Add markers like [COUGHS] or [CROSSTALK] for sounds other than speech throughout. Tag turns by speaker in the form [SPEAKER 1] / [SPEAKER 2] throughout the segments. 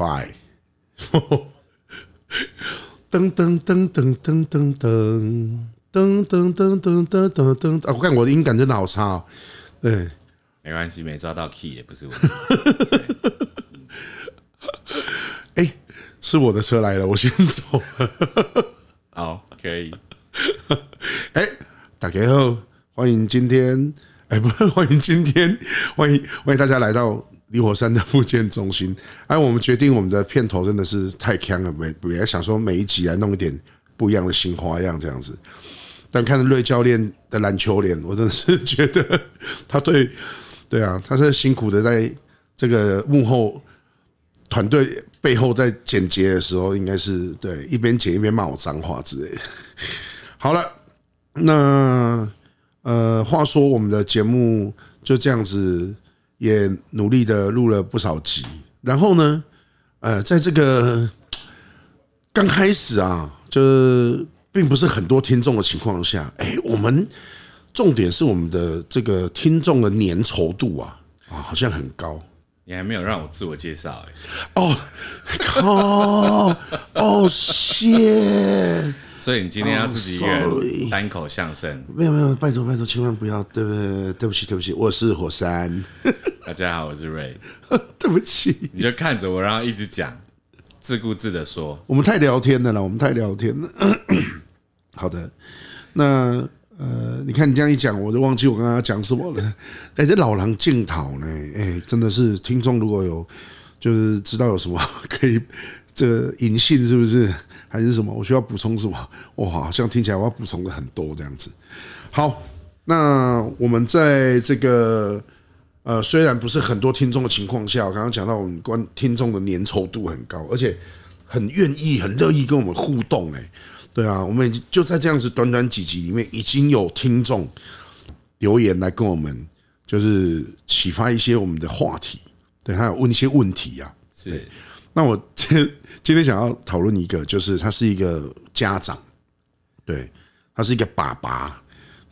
[SPEAKER 1] Five，噔噔噔噔噔噔噔噔噔噔噔噔噔噔！啊，我看我的音感真的好差哦。對，
[SPEAKER 2] 沒關係，沒抓到 key 也不是我。
[SPEAKER 1] 哎，是我的車來了，我先走。欸、好
[SPEAKER 2] ，OK。哎，
[SPEAKER 1] 打開後歡迎今天，哎，不歡迎今天，歡迎歡迎大家來到。李火山的腹賤中心，哎，我們決定我們的片頭真的是太鏘了，每每來想說每一集來弄一點不一樣的新花樣這樣子，但看瑞教練的籃球臉，我真的是覺得他對，對啊，他是辛苦的在這個幕後團隊背後在剪輯的時候，應該是對一邊剪一邊罵我髒話之類的。好了，那呃，話說我們的節目就這樣子。也努力的錄了不少集，然後呢，呃，在這個剛開始啊，就是並不是很多聽眾的情況下，哎，我們重點是我們的這個聽眾的粘稠度啊，啊，好像很高。
[SPEAKER 2] 你還沒有讓我自我介
[SPEAKER 1] 紹，哎，哦，靠，哦，謝。
[SPEAKER 2] 所以你今天要自己一個人單口相聲、
[SPEAKER 1] oh,？沒有沒有，拜託拜託，千萬不要，對不對？對不起對不起，我是火山， [LAUGHS] 大
[SPEAKER 2] 家好，我是 Ray，
[SPEAKER 1] [LAUGHS] 對不起，你
[SPEAKER 2] 就看着我，然後一直講，自顧自的說，
[SPEAKER 1] 我們太聊天了啦，我們太聊天了。 [COUGHS] 好的，那呃，你看你這樣一講，我就忘記我剛剛講什麼了。哎、欸，這老狼競跑呢？哎、欸，真的是聽眾如果有就是知道有什麼可以這個銀杏是不是？還是什麼？我需要補充什麼？哇，好像聽起來我要補充的很多這樣子。好，那我們在這個呃，雖然不是很多聽眾的情況下，我剛剛講到我們觀聽眾的粘稠度很高，而且很願意、很樂意跟我們互動。誒，對啊，我們就在這樣子短短幾集裡面，已經有聽眾留言來跟我們，就是啟發一些我們的話題，對，還有問一些問題呀、啊，是。那我今今天想要討論一個，就是他是一個家長，對，他是一個爸爸，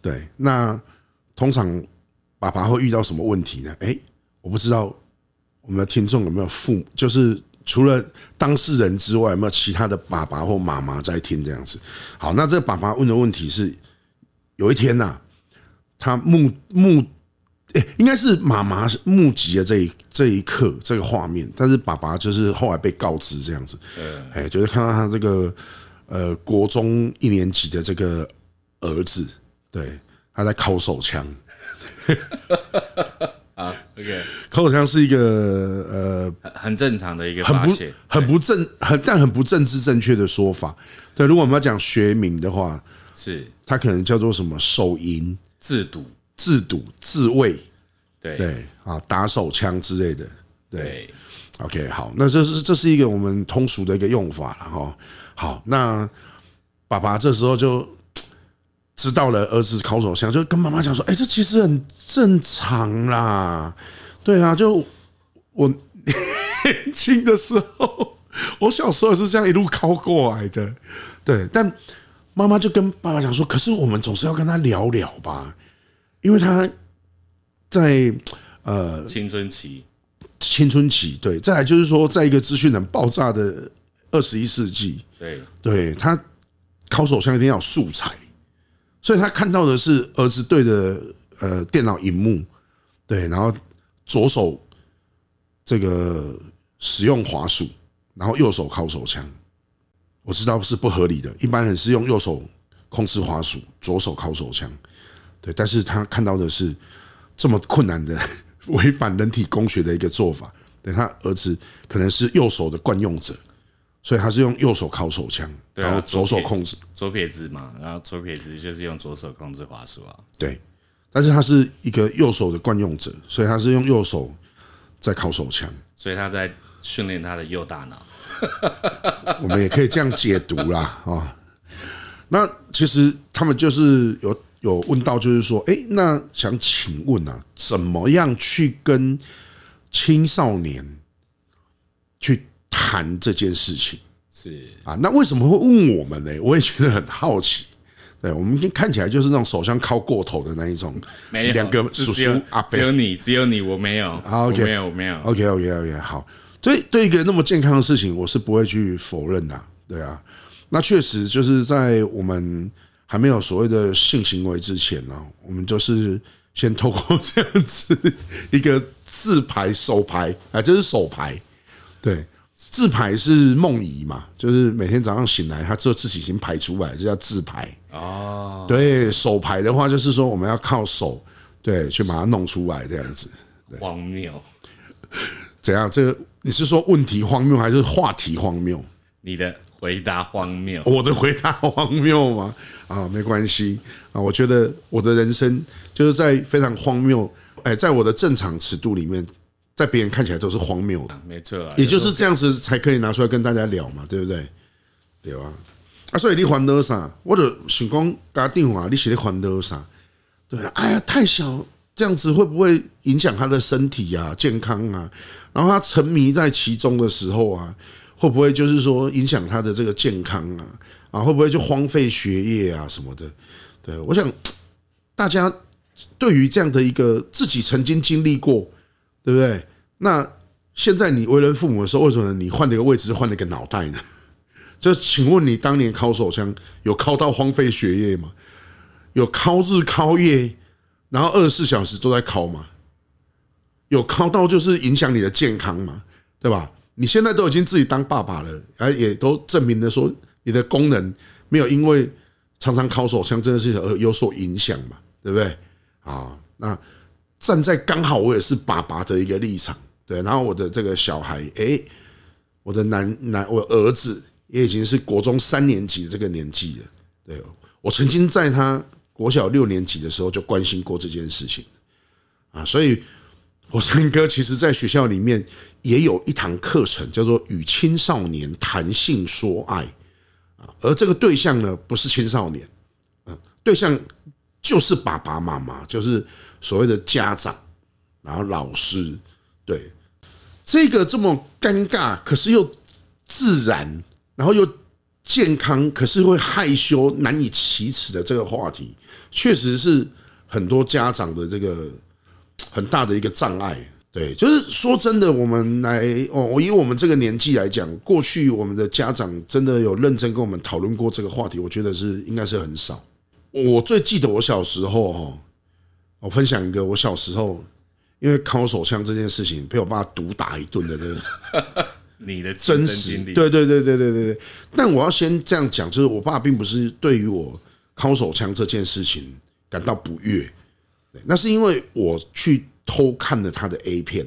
[SPEAKER 1] 對。那通常爸爸會遇到什麼問題呢？哎，我不知道我們的聽眾有沒有父母，就是除了當事人之外，有沒有其他的爸爸或媽媽在聽這樣子？好，那這個爸爸問的問題是，有一天吶、啊，他目目。哎、欸，應該是媽媽目擊的這一這一刻這個畫面，但是爸爸就是後來被告知這樣子。哎，就是看到他這個呃國中一年級的這個兒子，對，他在烤手槍。 [LAUGHS] 啊
[SPEAKER 2] ，OK，
[SPEAKER 1] 烤手槍是一個呃
[SPEAKER 2] 很正常的一個很不
[SPEAKER 1] 很不正很但很不政治正確的說法。對，如果我們要講學名的話，是他可能叫做什麼手淫自瀆。自瀆自慰，
[SPEAKER 2] 對對
[SPEAKER 1] 啊，打手槍之類的，
[SPEAKER 2] 對。
[SPEAKER 1] OK，好，那這是這是一個我們通俗的一個用法了哈。好，那爸爸這時候就知道了兒子考手槍，就跟媽媽講說：“哎，這其實很正常啦，對啊，就我年輕的時候，我小時候也是這樣一路考過來的。”對，但媽媽就跟爸爸講說：“可是我們總是要跟他聊聊吧。”因為他在呃青春期，青春期對，再來就是說，在一個資訊能爆炸的二十一世紀，對，對，他靠手槍一定要有素材，所以他看到的是兒子對着呃電腦熒幕，對，然後左手這個使用滑鼠，然後右手靠手槍，我知道是不合理的，一般人是用右手控制滑鼠，左手靠手槍。但是他看到的是這麼困難的違反人體工學的一個做法。對，他兒子可能是右手的慣用者，所以他是用右手烤手槍，然後左手控制，左
[SPEAKER 2] 撇子嘛。然後左撇子就是用左手控制滑鼠啊。
[SPEAKER 1] 對，但是他是一個右手的慣用者，所以他是用右手在烤手槍。
[SPEAKER 2] 所以他在訓練他的右大腦。我們也可以這樣解
[SPEAKER 1] 讀啦啊。那其實他們就是有。有問到，就是說，哎，那想請問呢、啊，怎麼樣去跟青少年去談這件事情？
[SPEAKER 2] 是
[SPEAKER 1] 啊，那為什麼會問我們呢？我也覺得很好奇。對，我們看起來就是那種手槍靠過頭的那一種，沒有兩個叔叔有阿伯，只有
[SPEAKER 2] 你，只有你，我沒有，okay. 沒有，沒有
[SPEAKER 1] ，OK，OK，OK，okay, okay, okay, 好。對，對一個那麼健康的事情，我是不會去否認的、啊。對啊，那確實就是在我們，還沒有所謂的性行為之前呢，我們就是先透過這樣子一個自排手排。哎，這是手排，對，自排是夢遺嘛，就是每天早上醒來，他做自己先排出來，這叫自排。哦，對，手排的話就是說我們要靠手，對，去把它弄出來這樣子。荒謬，怎樣？這個你是說問題荒謬還是話題荒謬？
[SPEAKER 2] 你的。回答荒謬，我的回
[SPEAKER 1] 答荒謬嗎？啊，沒關係啊，我覺得我的人生就是在非常荒謬，誒，在我的正常尺度裡面，在別人看起來都是荒謬的，沒錯啊，也就是這樣子才可以拿出來跟大家聊嘛，對不對？對啊，啊，所以你還得啥？我就想講打電話，你寫的還得啥？對、啊，哎呀，太小，這樣子會不會影響他的身體啊、健康啊？然後他沉迷在其中的時候啊。會不會就是說影響他的這個健康啊？啊，會不會就荒廢學業啊什麼的？對，我想大家對於這樣的一個自己曾經經歷過，對不對？那現在你為人父母的時候，為什麼你換了一個位置，換了一個腦袋呢？就請問你當年尻手槍，有尻到荒廢學業嗎？有尻日尻夜，然後二十四小時都在尻嗎？有尻到就是影響你的健康嗎？對吧？你現在都已經自己當爸爸了，而也都證明了說你的功能沒有因為常常靠手槍真的是而有所影響嘛？對不對？啊，那站在剛好我也是爸爸的一個立場，對，然後我的這個小孩，哎，我的男男我兒子也已經是國中三年級的這個年紀了，對，我曾經在他國小六年級的時候就關心過這件事情，啊，所以我三哥其實在學校裡面。也有一堂課程叫做“與青少年談性說愛”，而這個對象呢，不是青少年，嗯，對象就是爸爸媽媽，就是所謂的家長，然後老師，對這個這麼尷尬，可是又自然，然後又健康，可是會害羞、難以啟齒的這個話題，確實是很多家長的這個很大的一個障礙。對，就是說真的，我們來哦，我以我們這個年紀來講，過去我們的家長真的有認真跟我們討論過這個話題，我覺得是應該是很少。我最記得我小時候哈，我分享一個我小時候因為靠手槍這件事情被我爸毒打一頓的這
[SPEAKER 2] 個，你的真實，對
[SPEAKER 1] 對對對對對，但我要先這樣講，就是我爸並不是對於我靠手槍這件事情感到不悅，對，那是因為我去。偷看了他的 A 片，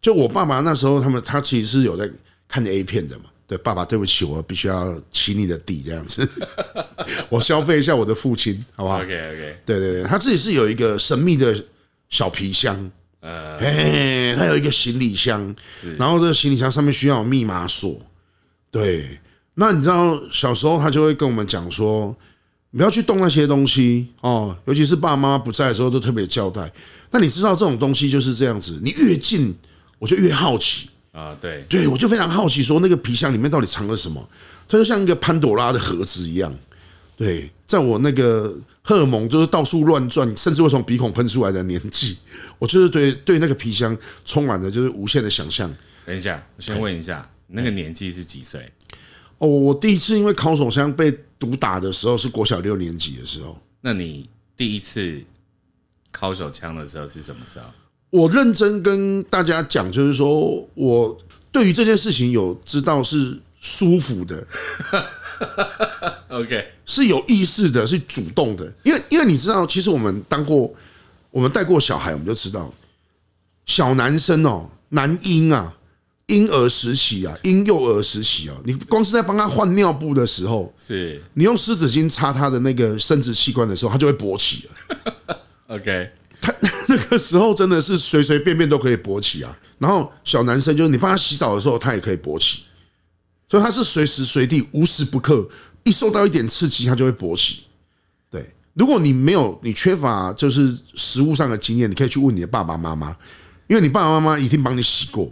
[SPEAKER 1] 就我爸爸那時候，他們他其實是有在看 A 片的嘛？對，爸爸，對不起，我必須要起你的底，這樣子，我消費一下我的父親，好不好？OK OK，對對他自己是有一個神秘的小皮箱，他有一個行李箱，然後這個行李箱上面需要密碼鎖，對。那你知道小時候他就會跟我們講說，不要去動那些東西哦，尤其是爸媽不在的時候，都特別交代。那你知道這種東西就是這樣子，你越近我就越好奇啊！對對，我就非常好奇，說那個皮箱裡面到底藏了什麼？它就像一個潘朵拉的盒子一樣。對，在我那個荷爾蒙就是到處亂轉，甚至會從鼻孔噴出來的年紀，我就是對對那個皮箱充滿的就是無限的想象。
[SPEAKER 2] 等一下，我先問一下，那個年紀是幾歲？
[SPEAKER 1] 哦，我第一次因為尻手槍被毒打的時候是國小六年級的時候。
[SPEAKER 2] 那你第一次？掏手槍的時候是什麼時候？
[SPEAKER 1] 我認真跟大家講，就是說我對於這件事情有知道是舒服的，OK，是有意識的，是主動的。因為因為你知道，其實我們當過，我們帶過小孩，我們就知道，小男生哦，男嬰啊，嬰兒時期啊，嬰幼兒時期啊，你光是在幫他換尿布的時候，是你用濕紙巾擦他的那個生殖器官的時候，他就會勃起了。
[SPEAKER 2] OK，他
[SPEAKER 1] 那個時候真的是隨隨便便都可以勃起啊。然後小男生就是你幫他洗澡的時候，他也可以勃起，所以他是隨時隨地無時不刻一受到一點刺激，他就會勃起。對，如果你沒有，你缺乏就是食物上的經驗，你可以去問你的爸爸媽媽，因為你爸爸媽媽一定幫你洗過。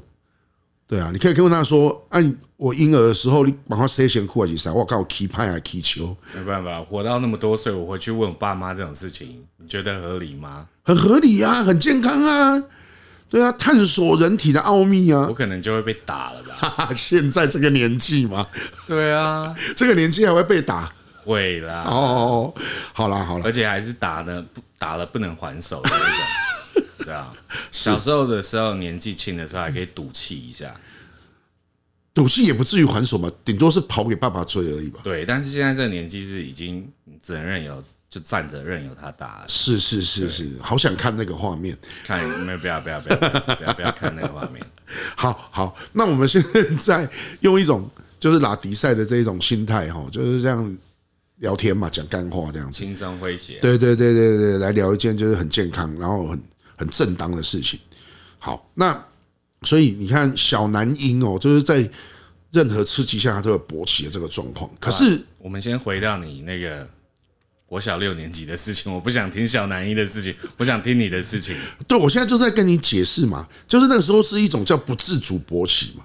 [SPEAKER 1] 對啊，你可以跟問他說：“哎，我嬰兒的時候，你把我塞進褲子裡塞，我靠，我乞拍還乞球，
[SPEAKER 2] 沒辦法，活到那麼多歲，我回去問我爸媽這種事情，你覺得合理嗎？
[SPEAKER 1] 很合理啊，很健康啊，對啊，探索人體的奧秘啊，我可能就會被打了吧？啊、現在這個年紀嘛，對啊，這個年紀還會被打，
[SPEAKER 2] 會啦哦，好了好了，而且還是打的，打了不能還手對啊，小時候的時候年紀輕的時候還可以賭氣一下，
[SPEAKER 1] 賭氣也不至於還手嘛，頂多是跑給爸爸追而已吧。對，
[SPEAKER 2] 但是現在這個年紀是已經只能任由，就站着任由他打。
[SPEAKER 1] 是是是是，好想看那個畫面，
[SPEAKER 2] 看，沒有，不要不要不要不要不要看
[SPEAKER 1] 那個畫面。好好，那我們現在用一種就是拿迪賽的這一種心態哈，就是這樣聊天嘛，講幹話這樣
[SPEAKER 2] 子，輕鬆詼諧。
[SPEAKER 1] 對對對對對，來聊一件就是很健康，然後很。很正當的事情，好，那所以你看，小男嬰哦，就是在任何刺激下，他都有勃起的這個狀況。可是，
[SPEAKER 2] 我們先回到你那個國小六年級的事情，我不想聽小男嬰的事情，我想聽你的事
[SPEAKER 1] 情。對，我現在就在跟你解釋嘛，就是那個時候是一種叫不自主勃起嘛，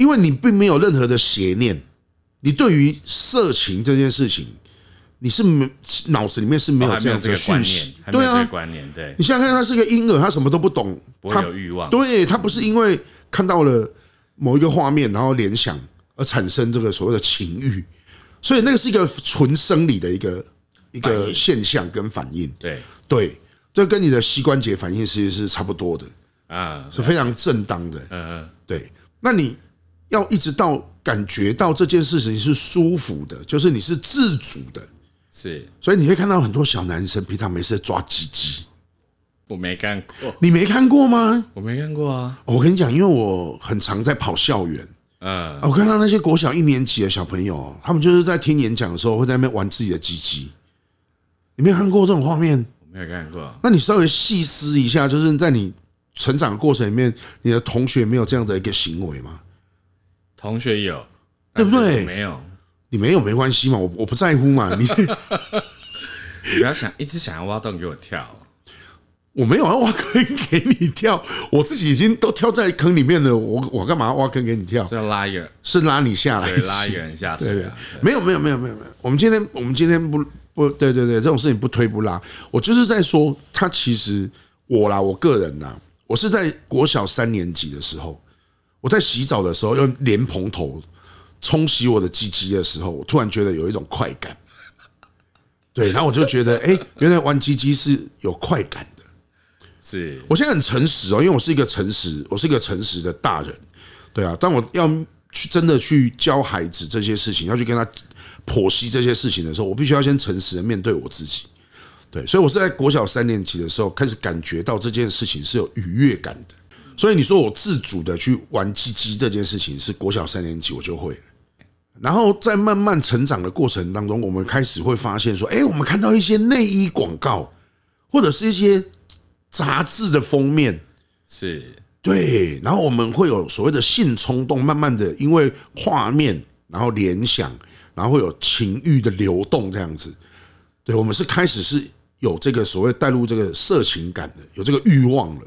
[SPEAKER 1] 因為你並沒有任何的邪念，你對於色情這件事情。你是沒腦子裡面是沒有這樣子的訊息，對啊。你現在看他是個嬰兒，他什麼都不懂，不會有欲望。對，他不是因為看到了某一個畫面，然後聯想而產生這個所謂的情欲，所以那個是一個純生理的一個一個現象跟反應。對對，這跟你的膝關節反應其實是差不多的啊，是非常正當的。嗯嗯，對。那你要一直到感覺到這件事情是舒服的，就是你是自主的。是，所以你會看到很多小男生平常沒事抓雞雞。我沒看過。你沒看過嗎？
[SPEAKER 2] 我沒看過
[SPEAKER 1] 啊。我跟你講，因為我很常在跑校園，嗯，我看到那些國小一年級的小朋友，他們就是在聽演講的時候會在那邊玩自己的雞雞，你沒有看過這種畫面？
[SPEAKER 2] 我沒有看過。
[SPEAKER 1] 那你稍微細思一下，就是在你成長的過程裡面，你的同學沒有這樣的一個行為嗎？
[SPEAKER 2] 同學有，有
[SPEAKER 1] 對不對？沒有。你沒有沒關係嘛，我我不在乎嘛，
[SPEAKER 2] [LAUGHS] 你不要想一直想要挖洞給我跳，
[SPEAKER 1] 我沒有要挖坑給你跳，我自己已經都跳在坑裡面了，我我幹嘛要挖坑給你跳？是要拉遠，是拉你下來，拉遠一下，啊、對，對，沒有沒有沒有沒有沒有，我們今天我們今天不不對對對，對，這種事情不推不拉，我就是在說，他其實我啦，我個人呢，我是在國小三年級的時候，我在洗澡的時候用蓮蓬頭。沖洗我的雞雞的時候，我突然覺得有一種快感，對，然後我就覺得，哎，原來玩雞雞是有快感的。
[SPEAKER 2] 是，我
[SPEAKER 1] 現在很誠實喔，因為我是一個誠實，我是一個誠實的大人，對啊。當我要去真的去教孩子這些事情，要去跟他剖析這些事情的時候，我必須要先誠實的面對我自己。對，所以我是在國小三年級的時候開始感覺到這件事情是有愉悅感的。所以你說我自主的去玩雞雞這件事情，是國小三年級我就會。然後在慢慢成長的過程當中，我們開始會發現說，哎，我們看到一些內衣廣告，或者是一些雜誌的封面，是。對。然後我們會有所謂的性衝動，慢慢的因為畫面，然後聯想，然後會有情慾的流動這樣子。對，我們是開始是有這個所謂帶入這個色情感的，有這個慾望
[SPEAKER 2] 了。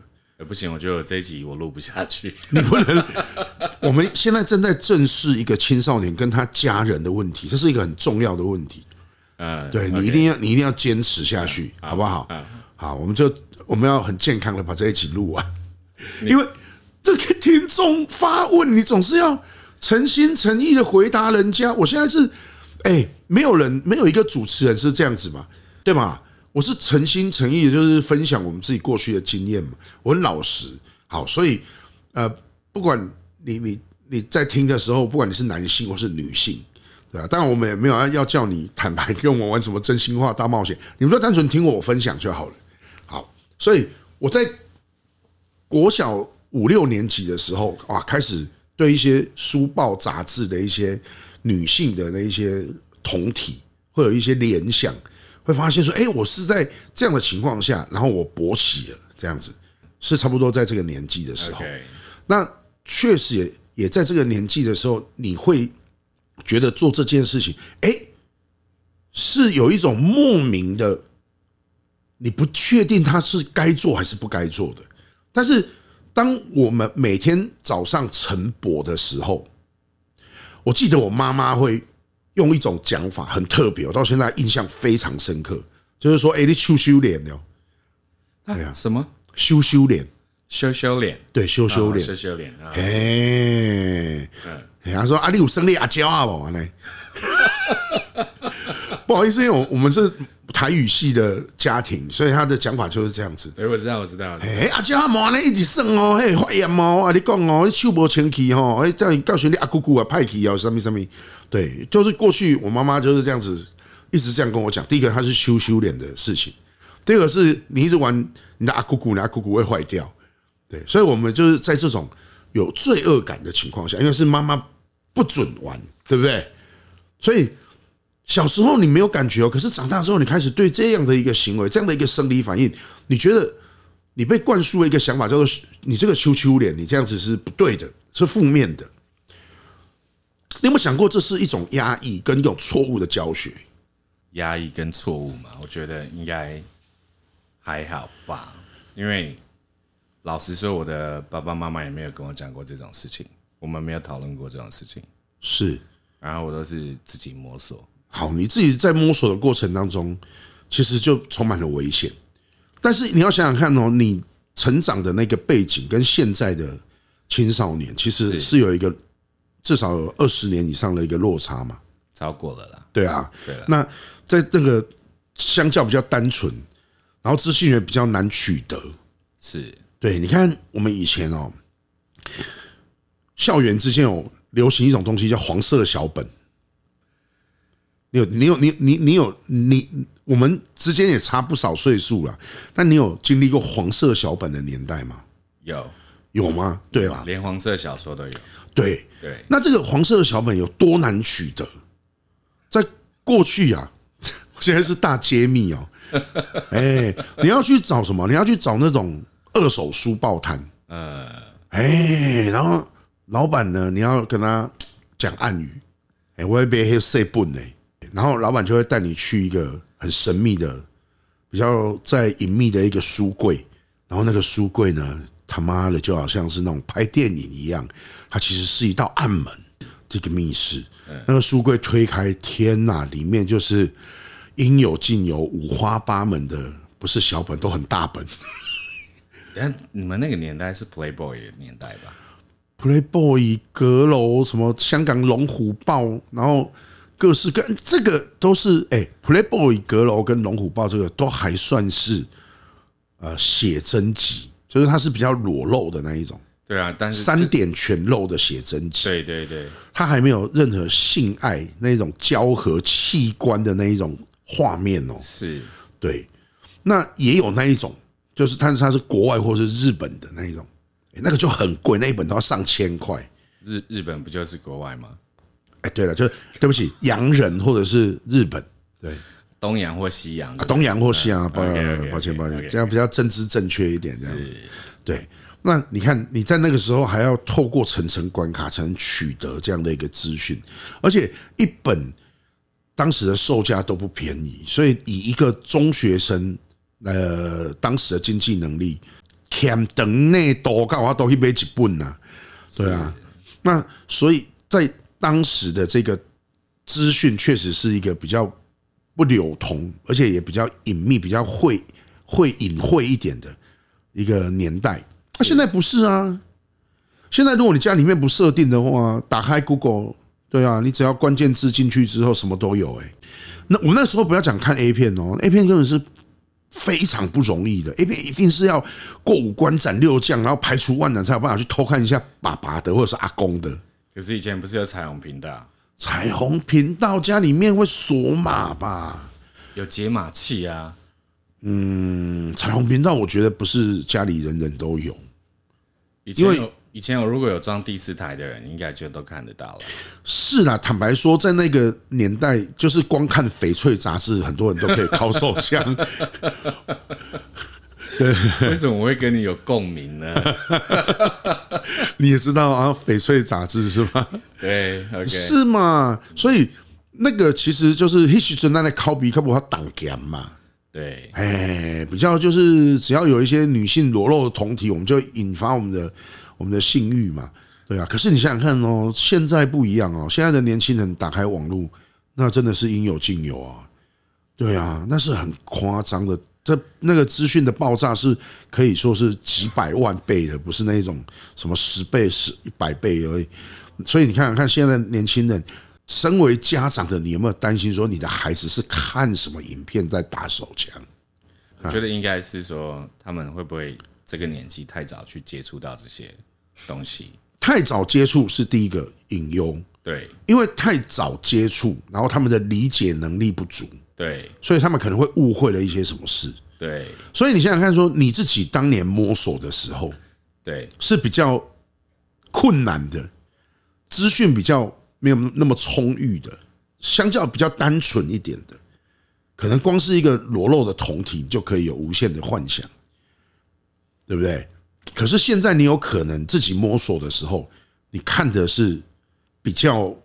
[SPEAKER 2] 不行，我覺得這一集我錄不下去，你不能。.
[SPEAKER 1] 我們現在正在正視一個青少年跟他家人的問題，這是一個很重要的問題。嗯，對，你一定要你一定要堅持下去，好不好？好，我們就我們要很健康的把這一集錄完，因為這個聽眾發問，你總是要誠心誠意的回答人家。我現在是，哎，沒有人沒有一個主持人是這樣子嘛，對嘛？我是誠心誠意的就是分享我們自己過去的經驗嘛，我很老實。好，所以呃，不管。你你你在聽的時候，不管你是男性或是女性，對啊，當然我們也沒有要叫你坦白跟我們玩什麼真心話大冒險，你們就單純聽我分享就好了。好，所以我在國小五六年級的時候，啊，開始對一些書報雜誌的一些女性的那一些胴體會有一些聯想，會發現說，哎，我是在這樣的情況下，然後我勃起了，這樣子是差不多在這個年紀的時候，那。確實也也在這個年紀的時候，你會覺得做這件事情，哎，是有一種莫名的，你不確定他是該做還是不該做的。但是，當我們每天早上晨勃的時候，我記得我媽媽會用一種講法，很特別，我到現在印象非常深刻，就是說：“哎，你羞羞臉了。”哎呀，什麼羞羞臉？羞羞臉，對，羞羞臉，羞羞臉啊！哎，人家說你有生你阿嬌阿寶呢，不好意思，因為我，我們是台語系的家庭，所以他的講法就是這樣子。哎，我
[SPEAKER 2] 知
[SPEAKER 1] 道，我知道。哎，阿嬌阿寶呢，一直勝哦！嘿，壞眼毛啊！你講哦，你手不清氣哦，哎，叫你告訴你阿姑姑啊，派去哦，什麼什麼。對，就是過去我媽媽就是這樣子，一直這樣跟我講。第一個，她是羞羞臉的事情，第二個是你一直玩你的阿姑姑，你的阿姑姑會壞掉。對，所以，我們就是在這種有罪惡感的情況下，因為是媽媽不准玩，對不對？所以小時候你沒有感覺哦，可是長大之後，你開始對這樣的一個行為、這樣的一個生理反應，你覺得你被灌輸了一個想法，叫做你這個羞羞臉，你這樣子是不對的，是負面的。你有沒有想過，這是一種壓抑跟一種錯誤的教學？壓抑跟錯誤嘛，我覺得應該還好吧，因為。
[SPEAKER 2] 老實說，我的爸爸媽媽也沒有跟我講過這種事情，我們沒有討論過這種事情。
[SPEAKER 1] 是，然後我都是自己摸索。好，你自己在摸索的過程當中，其實就充滿了危險。但是你要想想看哦，你成長的那個背景跟現在的青少年其實是有一個至少有二十年以上的一個落差嘛，
[SPEAKER 2] 啊、超過了啦。
[SPEAKER 1] 對啊，對。那在那個相較比較單純，然後資訊也比較難取得，是。對，你看，我們以前哦，校園之間有流行一種東西叫黃色小本。你有，你有，你你你有，你我們之間也差不少歲數啦。但你有經歷過黃色小本的年代嗎？有，有嗎？對吧？
[SPEAKER 2] 連黃色小說都有。對對。
[SPEAKER 1] 那這個黃色的小本有多難取得？在過去呀，現在是大揭秘哦。哎，你要去找什麼？你要去找那種。二手書報攤，嗯，哎，然後老闆呢，你要跟他講暗語，哎，我也別還 s a 不呢，然後老闆就會帶你去一個很神秘的、比較在隱秘的一個書櫃，然後那個書櫃呢，他媽的就好像是那種拍電影一樣，它其實是一道暗門，這個密室，那個書櫃推開，天吶，裡面就是應有盡有，五花八門的，不是小本都很大本。
[SPEAKER 2] 但你們那個年代是 Playboy 年代吧
[SPEAKER 1] ？Playboy 閣樓什麼香港龍虎豹，然後各式各，這個都是哎、欸，Playboy 閣樓跟龍虎豹這個都還算是呃寫真集，就是它是比較裸露的那一種。
[SPEAKER 2] 對啊，但是三
[SPEAKER 1] 點全露的寫真集，對對對，它還沒有任何性愛那種交合器官的那一種畫面哦。是，對，那也有那一種。就是，但是它是國外或是日本的那一種，欸，那個就很貴，那一本都要上千塊。
[SPEAKER 2] 日日本不就是國外嗎？
[SPEAKER 1] 哎，對了，就對不起，洋人或者是日本，對，
[SPEAKER 2] 東洋或西洋，
[SPEAKER 1] 東洋或西洋，抱歉，抱歉抱歉，這樣比較政治正確一點，這樣子。對，那你看你在那個時候還要透過層層關卡才能取得這樣的一個資訊，而且一本當時的售價都不便宜，所以以一個中學生。呃，當時的經濟能力，欠等內多，夠我多去買本吶。對啊，那所以在當時的這個資訊，確實是一個比較不流通，而且也比較隱祕、比較會會隱晦一點的一個年代。啊現在不是啊？現在如果你家裡面不設定的話，打開 Google，對啊，你只要關鍵字進去之後，什麼都有。哎，那我們那時候不要講看 A 片哦、喔，A 片根本是。非常不容易的，因為一定是要過五關斬六將，然後排除萬難，才有辦法去偷看一下爸爸的或者是阿公的。
[SPEAKER 2] 可是以前不是有彩虹頻道？
[SPEAKER 1] 彩虹頻道家裡面會鎖碼吧？有解碼器啊？嗯，彩虹頻道我覺得不是家裡人人都有，因為。
[SPEAKER 2] 以前我如果有裝第四台的人，應該就都看得到了。
[SPEAKER 1] 是啦，坦白說，在那個年代，就是光看翡翠雜誌，很多人都可以尻手槍。
[SPEAKER 2] 對，為
[SPEAKER 1] 什麼我會跟你有共鳴呢？你也知道啊，翡翠雜誌是嗎？對、okay，是嘛？所以那個其實就是 Hitcher 在那烤鼻，看不它擋幹嘛？
[SPEAKER 2] 對，
[SPEAKER 1] 哎，比較就是只要有一些女性裸露的胴體，我們就引發我們的。我們的信譽嘛，對啊。可是你想想看哦，現在不一樣哦。現在的年輕人打開網絡，那真的是應有盡有啊。對啊，那是很誇張的。這那個資訊的爆炸是可以說是幾百萬倍的，不是那種什麼十倍、十一百倍，而已。所以你看看現在的年輕人，身為家長的你有沒有擔心說，你的孩子是看什麼影片在打手槍
[SPEAKER 2] 啊？我覺得應該是說，他們會不會這個年紀太早去接觸到這些？
[SPEAKER 1] 東西太早接觸是第一個隱憂，對，因為太早接觸，然後他們的理解能力不足，對，所以他們可能會誤會了一些什麼事，對。所以你想想看，說你自己當年摸索的時候，對，是比較困難的，資訊比較沒有那麼充裕的，相較比較單純一點的，可能光是一個裸露的胴體就可以有無限的幻想，對不對？可是現在你有可能自己摸索的時候，你看的是比較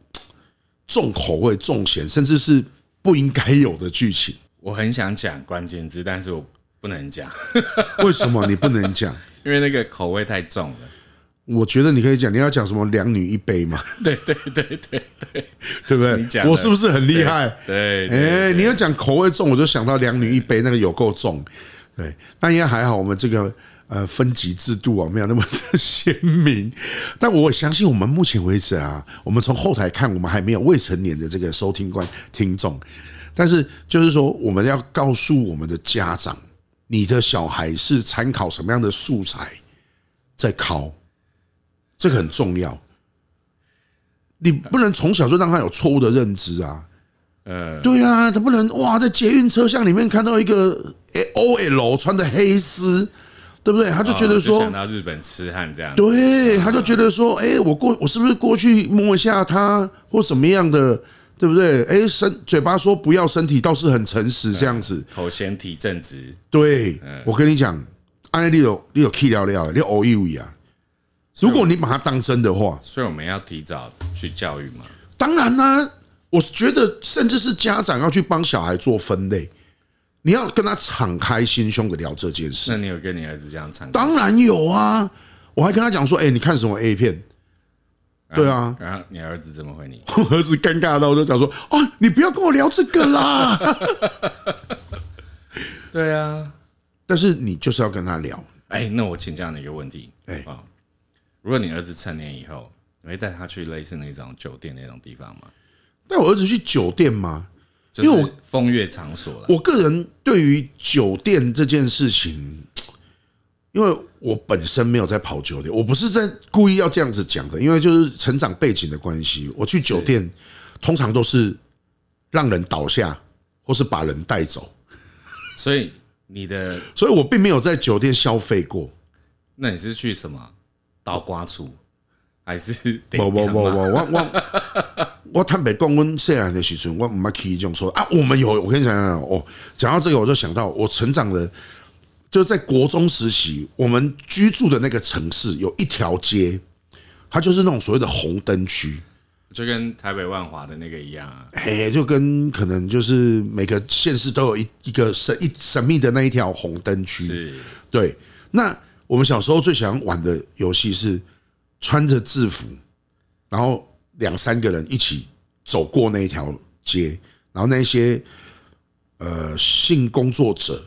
[SPEAKER 1] 重口味、重鹹，甚至是不應該有的劇情。我很想講關鍵字，但是我不能講。為什麼你不能講？
[SPEAKER 2] 因為那個口味太重
[SPEAKER 1] 了。我覺得你可以講，你要講什麼？兩女一杯嘛。對
[SPEAKER 2] 對對對對，
[SPEAKER 1] 對不對？我是不是很厲害？
[SPEAKER 2] 對，哎，
[SPEAKER 1] 你要講口味重，我就想到兩女一杯，那個有夠重。對，那應該還好，我們這個。呃，分級制度啊，沒有那麼的鮮明，但我相信我們目前為止啊，我們從後台看，我們還沒有未成年的這個收聽觀聽眾，但是就是說，我們要告訴我們的家長，你的小孩是參考什麼樣的素材在考，這個很重要，你不能從小就讓他有錯誤的認知啊，對啊，他不能哇，在捷運車廂裡面看到一個 OL 穿的黑絲。對不對？他就覺得說，想到
[SPEAKER 2] 日本痴漢這樣。
[SPEAKER 1] 對，他就覺得說，哎，我過我是不是過去摸一下他或什麼樣的，對不對？哎，身嘴巴說不要，身體倒是很誠實這樣子。
[SPEAKER 2] 口嫌體正直。
[SPEAKER 1] 對，我跟你講，哎，你有你有氣聊聊，你偶一無呀。如果你把它當真的話，
[SPEAKER 2] 所以我們要提早去教育嘛。
[SPEAKER 1] 當然啦、啊，我覺得甚至是家長要去幫小孩做分類。你要跟他敞開心胸的聊這件事。那你有跟你兒子這樣談？當然有啊，我還跟他講說：“哎，你看什麼 A 片？”對啊，
[SPEAKER 2] 然後你兒子怎麼回你？
[SPEAKER 1] 我兒子尷尬到我就想說：“啊，你不要跟我聊這個啦。”
[SPEAKER 2] 對啊，
[SPEAKER 1] 但是你就是要跟他聊。
[SPEAKER 2] 哎，那我請教你一個問題：哎啊，如果你兒子成年以後，你會帶他去類似那種酒店那種地方嗎？
[SPEAKER 1] 帶我兒子去酒店嗎？因為我風月場所，我個人對於酒店這件事情，因為我本身沒有在跑酒店，我不是在故意要這樣子講的，因為就是成長背景的關係，我去酒店通常都是讓人倒下或是把人帶走，所以你的，所以我並沒有在酒店消費過，
[SPEAKER 2] 那你是去什麼倒瓜處？
[SPEAKER 1] 還是沒有，沒有，沒有我我我我我我我坦白講，我細漢的時候我唔係起一種說啊，我們有我跟你講哦，講到這個我就想到我成長的，就是在國中時期，我們居住的那個城市有一條街，它就是那種所謂的紅燈區，
[SPEAKER 2] 就跟台北萬華的那個一樣
[SPEAKER 1] 啊，嘿，就跟可能就是每個縣市都有一一個神一神秘的那一條紅燈區，對。那我們小時候最想玩的遊戲是。穿着制服，然後兩三個人一起走過那條街，然後那些呃性工作者，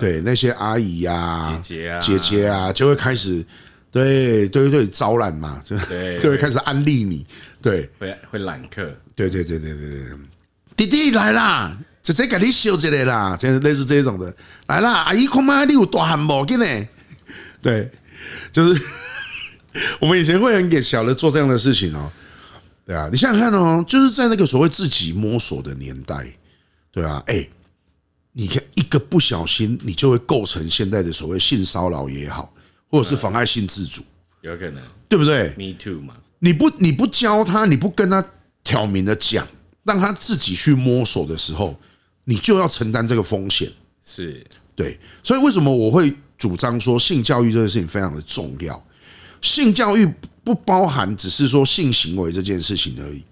[SPEAKER 2] 對
[SPEAKER 1] 那些阿姨呀、啊、姐姐啊，姐姐啊，就會開始對對對招攬嘛，就對就會開始安利你，對，會會攬客，對對對對對對，弟弟來啦，姐姐給你修這裡啦，就是類似這種的，來啦。阿姨恐怕你有大汗毛給呢，對，就是。我們以前會很給小的做這樣的事情哦、喔，對啊，你想想看哦、喔，就是在那個所謂自己摸索的年代，對啊，哎，你看一個不小心，你就會構成現在的所謂性騷擾也好，或者是妨礙性自主，
[SPEAKER 2] 有可能，對不對？Me too 嘛，
[SPEAKER 1] 你不你不教他，你不跟他挑明的講，讓他自己去摸索的時候，你就要承擔這個風險，是對，所以為什麼我會主張說性教育這件事情非常的重要。性教育不包含只是說性行為這件事情而已，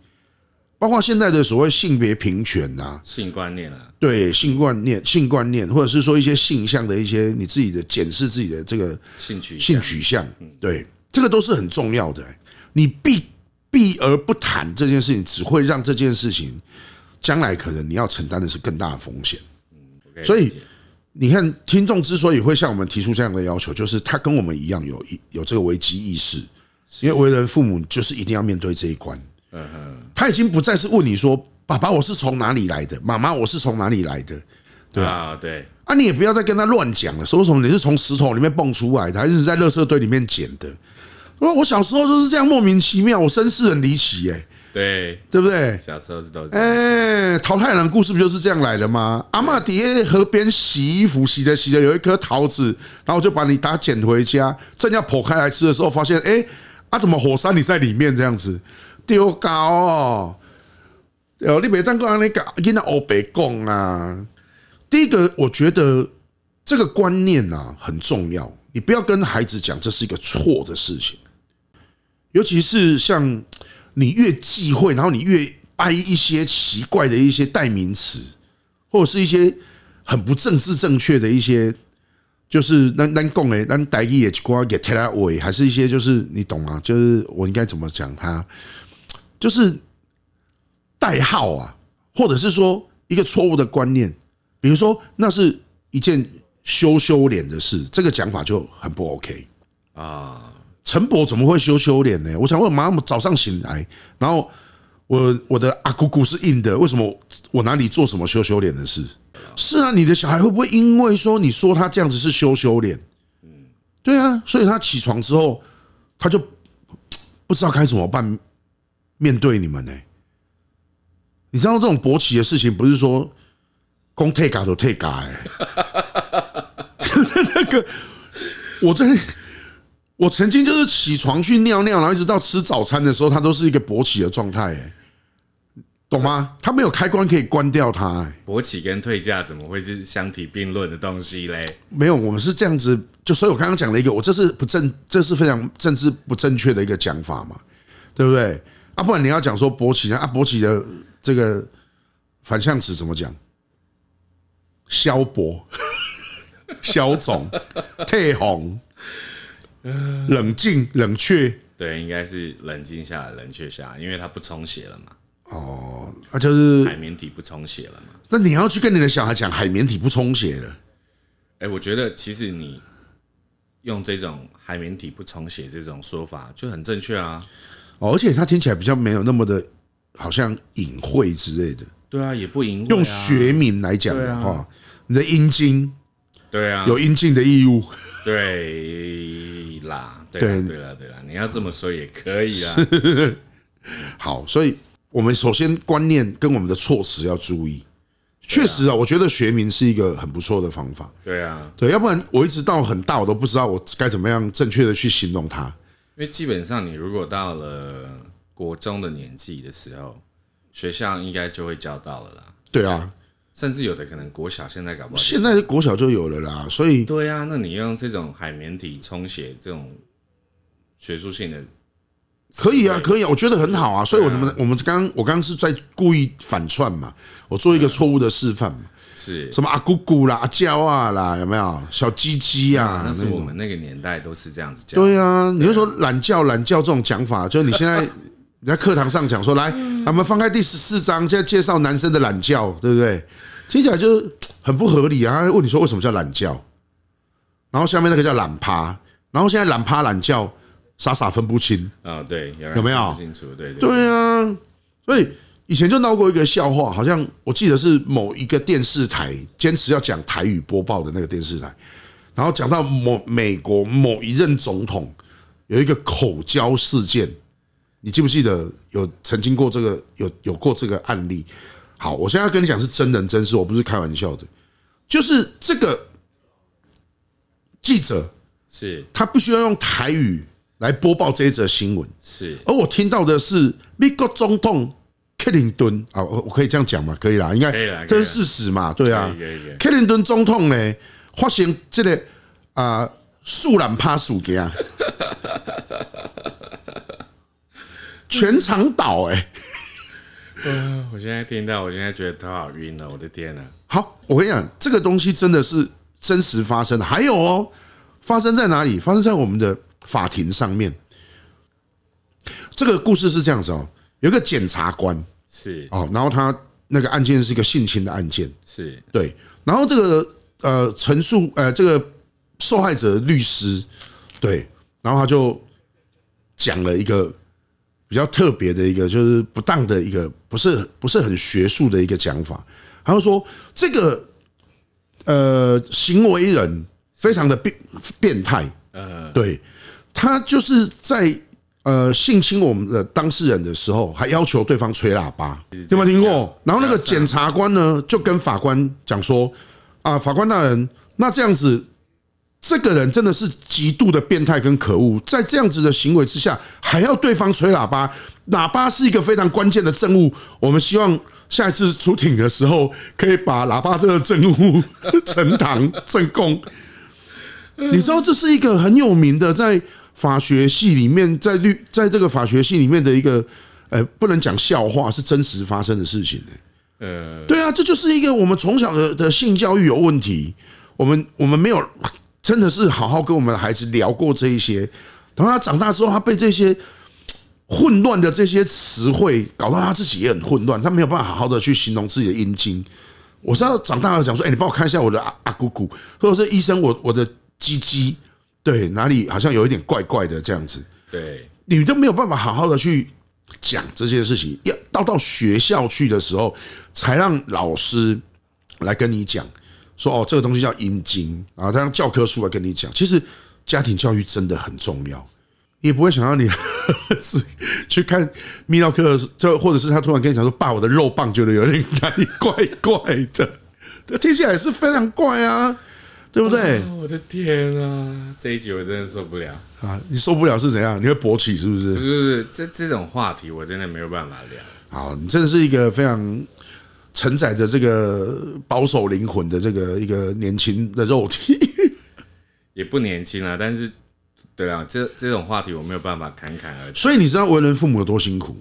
[SPEAKER 1] 包括現在的所謂性別平權啊，性觀念啊，對性觀念、性觀念，或者是說一些性向的一些你自己的檢視自己的這個性取性取向，對，這個都是很重要的。你避避而不談這件事情，只會讓這件事情將來可能你要承擔的是更大的風險。所以。你看，聽眾之所以會向我們提出這樣的要求，就是他跟我們一樣有一有這個危機意識，因為為人父母就是一定要面對這一關。嗯
[SPEAKER 2] 哼，
[SPEAKER 1] 他已經不再是問你說“爸爸我是從哪裡來的，媽媽我是從哪裡來的”，對啊，對啊，啊，你也不要再跟他亂講了，說什麼你是從石頭裡面蹦出來的，還是在垃圾堆裡面撿的？我小時候就是這樣莫名其妙，我身世很離奇哎、欸。對對不對？小時候都知道是哎、欸，桃太郎故事不就是這樣來的嗎？阿嬤在河邊洗衣服，洗着洗着，有一顆桃子，然後就把你打撿回家，正要剖開來吃的時候，發現哎、欸，啊，怎麼火山你在裡面這樣子？丟高哦！你沒當過阿你搞，因那歐北共啊。第一個，我覺得這個觀念啊很重要，你不要跟孩子講這是一個錯的事情，尤其是像。你越忌諱，然後你越掰一些奇怪的一些代名詞，或者是一些很不政治正確的一些，就是咱咱講誒，咱台語也去掛也拉尾，還是一些就是你懂嗎、啊？就是我應該怎麼講他，就是代號啊，或者是說一個錯誤的觀念，比如說那是一件羞羞臉的事，這個講法就很不 OK 啊。陳伯怎麼會羞羞臉呢？我想問，媽媽早上醒來，然後我我的阿姑姑是硬的，為什麼我哪裡做什麼羞羞臉的事？是啊，你的小孩會不會因為說你說他這樣子是羞羞臉？嗯，對啊，所以他起床之後，他就不知道該怎麼辦面對你們呢？你知道這種勃起的事情不是說公退駕就退駕哎，那個我在。我曾經就是起床去尿尿，然後一直到吃早餐的時候，它都是一個勃起的狀態，哎，懂嗎？它沒有開關可以關掉它。勃起跟
[SPEAKER 2] 退價怎麼會是相提並論的東西嘞？
[SPEAKER 1] 沒有，我們是這樣子，就所以我剛剛講了一個，我這是不正，這是非常政治不正確的一個講法嘛，對不對？啊，不然你要講說勃起啊，啊，勃起的這個反向詞怎麼講？消勃、消腫、退紅。冷靜冷卻，
[SPEAKER 2] 對，應該是冷靜下來、冷卻下來，因為它不充血了嘛。哦，那、啊、就是海綿體不充血了嘛。
[SPEAKER 1] 那你要去跟你的小孩講海綿體不充血了？
[SPEAKER 2] 哎、欸，我覺得其實你用這種海綿體不充血這種說法就很正確啊。
[SPEAKER 1] 哦，而且它聽起來比較沒有那麼的，好像隱晦之類的。
[SPEAKER 2] 對啊，也不隱晦、啊。用學
[SPEAKER 1] 名來講的話，啊、你的陰莖，
[SPEAKER 2] 對啊，有陰
[SPEAKER 1] 莖的義務對。 [LAUGHS]
[SPEAKER 2] 啦，對啦，對了對了，你要這麼說也可以啊
[SPEAKER 1] [LAUGHS] 好，所以我們首先觀念跟我們的措辭要注意。確實啊，我覺得學名是一個很不錯的方法。
[SPEAKER 2] 對啊，
[SPEAKER 1] 對，要不然我一直到很大我都不知道我該怎麼樣正確的去形容它。
[SPEAKER 2] 因為基本上你如果到了國中的年紀的時候，學校應該就會教到了啦。對啊。甚至有的可能國小現在搞不好，
[SPEAKER 1] 現在國小就有了啦。所以對啊，那你用這種
[SPEAKER 2] 海綿體充血這種學術性的，
[SPEAKER 1] 可以啊，可以啊，我覺得很好啊。所以我們我們剛剛我剛剛是在故意反串嘛，我做一個錯誤的示範嘛，是什麼阿姑姑啦、阿嬌啊啦，有沒有小雞雞啊？那是我們那
[SPEAKER 2] 個年代都是這樣子講，對
[SPEAKER 1] 啊。你就說懶叫懶叫這種講法，就是你現在你在課堂上講說，來，我們翻開第十四章，現在介紹男生的懶叫，對不對？聽起來就是很不合理啊！他問你說為什麼叫懶覺，然後下面那個叫懶趴，然後現在懶趴懶覺傻傻分不清啊！對，有沒有清楚？對，對啊。所以以前就鬧過一個笑話，好像我記得是某一個電視台堅持要講台語播報的那個電視台，然後講到某美國某一任總統有一個口交事件，你記不記得有曾經過這個有有過這個案例？好，我現在要跟你講是真人真事，我不是開玩笑的，就是這個記者是，他必須要用台語來播報這一則新聞是，而我聽到的是美國總統克林頓啊，我可以這樣講嗎？可以啦，應該這是事實嘛，對啊，克林頓總統呢發現這個啊樹懶趴樹根啊，全場倒
[SPEAKER 2] 哎。我現在聽到，我現在覺得頭好暈哦，我的天吶！
[SPEAKER 1] 好，我跟你講，這個東西真的是真實發生的，還有哦，發生在哪裡？發生在我們的法庭上面。這個故事是這樣子哦，有個檢察官是哦，然後他那個案件是一個性侵的案件，是對，然後這個呃，陳述呃，這個受害者律師對，然後他就講了一個。比較特別的一個，就是不當的一個，不是不是很學術的一個講法。他就說：“這個呃，行為人非常的變變態，呃，對他就是在呃性侵我們的當事人的時候，還要求對方吹喇叭，聽沒聽過？然後那個檢察官呢，就跟法官講說：‘啊，法官大人，那這樣子。’”這個人真的是極度的變態跟可惡，在這樣子的行為之下，還要對方吹喇叭，喇叭是一個非常關鍵的證物。我們希望下一次出庭的時候，可以把喇叭這個證物呈堂證供。你知道，這是一個很有名的，在法學系裡面，在律，在這個法學系裡面的一個，呃，不能講笑話，是真實發生的事情，欸。對啊，這就是一個我們從小的的性教育有問題，我們我們沒有。真的是好好跟我們的孩子聊過這一些，等他長大之後，他被這些混亂的這些詞彙搞到他自己也很混亂，他沒有辦法好好的去形容自己的陰莖。我是要長大了講說，哎，你幫我看一下我的阿阿姑姑，或者是醫生，我我的雞雞，對，哪裡好像有一點怪怪的這樣子，對，你都沒有辦法好好的去講這些事情，要到到學校去的時候，才讓老師來跟你講。說哦，這個東西叫陰莖啊，他用教科書來跟你講，其實家庭教育真的很重要，也不會想要你去去看泌尿科，就或者是他突然跟你講說爸，我的肉棒覺得有點怪怪的，聽起來是非常怪啊，
[SPEAKER 2] 對不對？我的天啊，這一集我真的受不了
[SPEAKER 1] 啊！你受不了是怎樣？你會勃起是不是？不
[SPEAKER 2] 是，這這種話題我真的沒有辦法聊。
[SPEAKER 1] 好，你真的是一個非常。承載着這個保守靈魂的這個一個年輕的肉體 [LAUGHS] ，
[SPEAKER 2] 也不年輕了，啊，但是對啊，這這種話題我沒有辦法侃侃而談。
[SPEAKER 1] 所以你知道為人父母有多辛苦。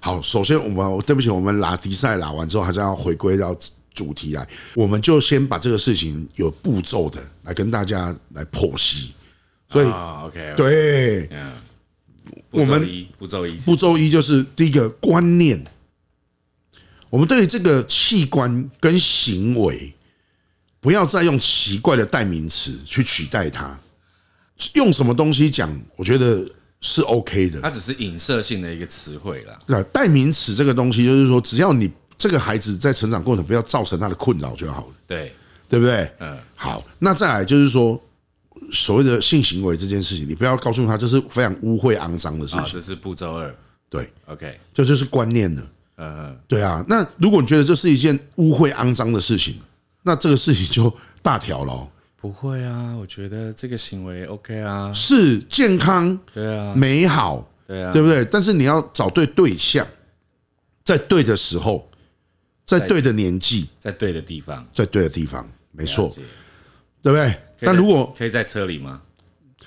[SPEAKER 1] 好，首先我們對不起，我們拉低賽拉完之後，還是要回歸到主題來。我們就先把這個事情有步驟的來跟大家來剖析。所以、oh, okay,，OK，對，我、yeah. 們步驟一，步驟一，步驟一，步驟一就是第一個觀念。我們對這個器官跟行為，不要再用奇怪的代名詞去取代它，用什麼東西講，我覺得是 OK 的。它
[SPEAKER 2] 只是影射性的一個詞彙
[SPEAKER 1] 了。那代名詞這個東西，就是說，只要你這個孩子在成長過程不要造成他的困擾就好了。對，對不對？嗯。好，那再來就是說，所謂的性行為這件事情，你不要告訴他這是非常污穢骯髒的事情。這
[SPEAKER 2] 是步驟二。對，OK。
[SPEAKER 1] 這就是觀念了。呃，對啊，那如果你覺得這是一件污穢骯髒的事情，那這個事情就大條了。
[SPEAKER 2] 不會啊，我覺得這個行為 OK 啊，
[SPEAKER 1] 是健康，
[SPEAKER 2] 對啊，美好，對啊，對不
[SPEAKER 1] 對？但是你要找對對象，在對的時候，在對的年紀，
[SPEAKER 2] 在對的地方，
[SPEAKER 1] 在對的地方，沒錯，對不對？但如
[SPEAKER 2] 果可以在車裡嗎？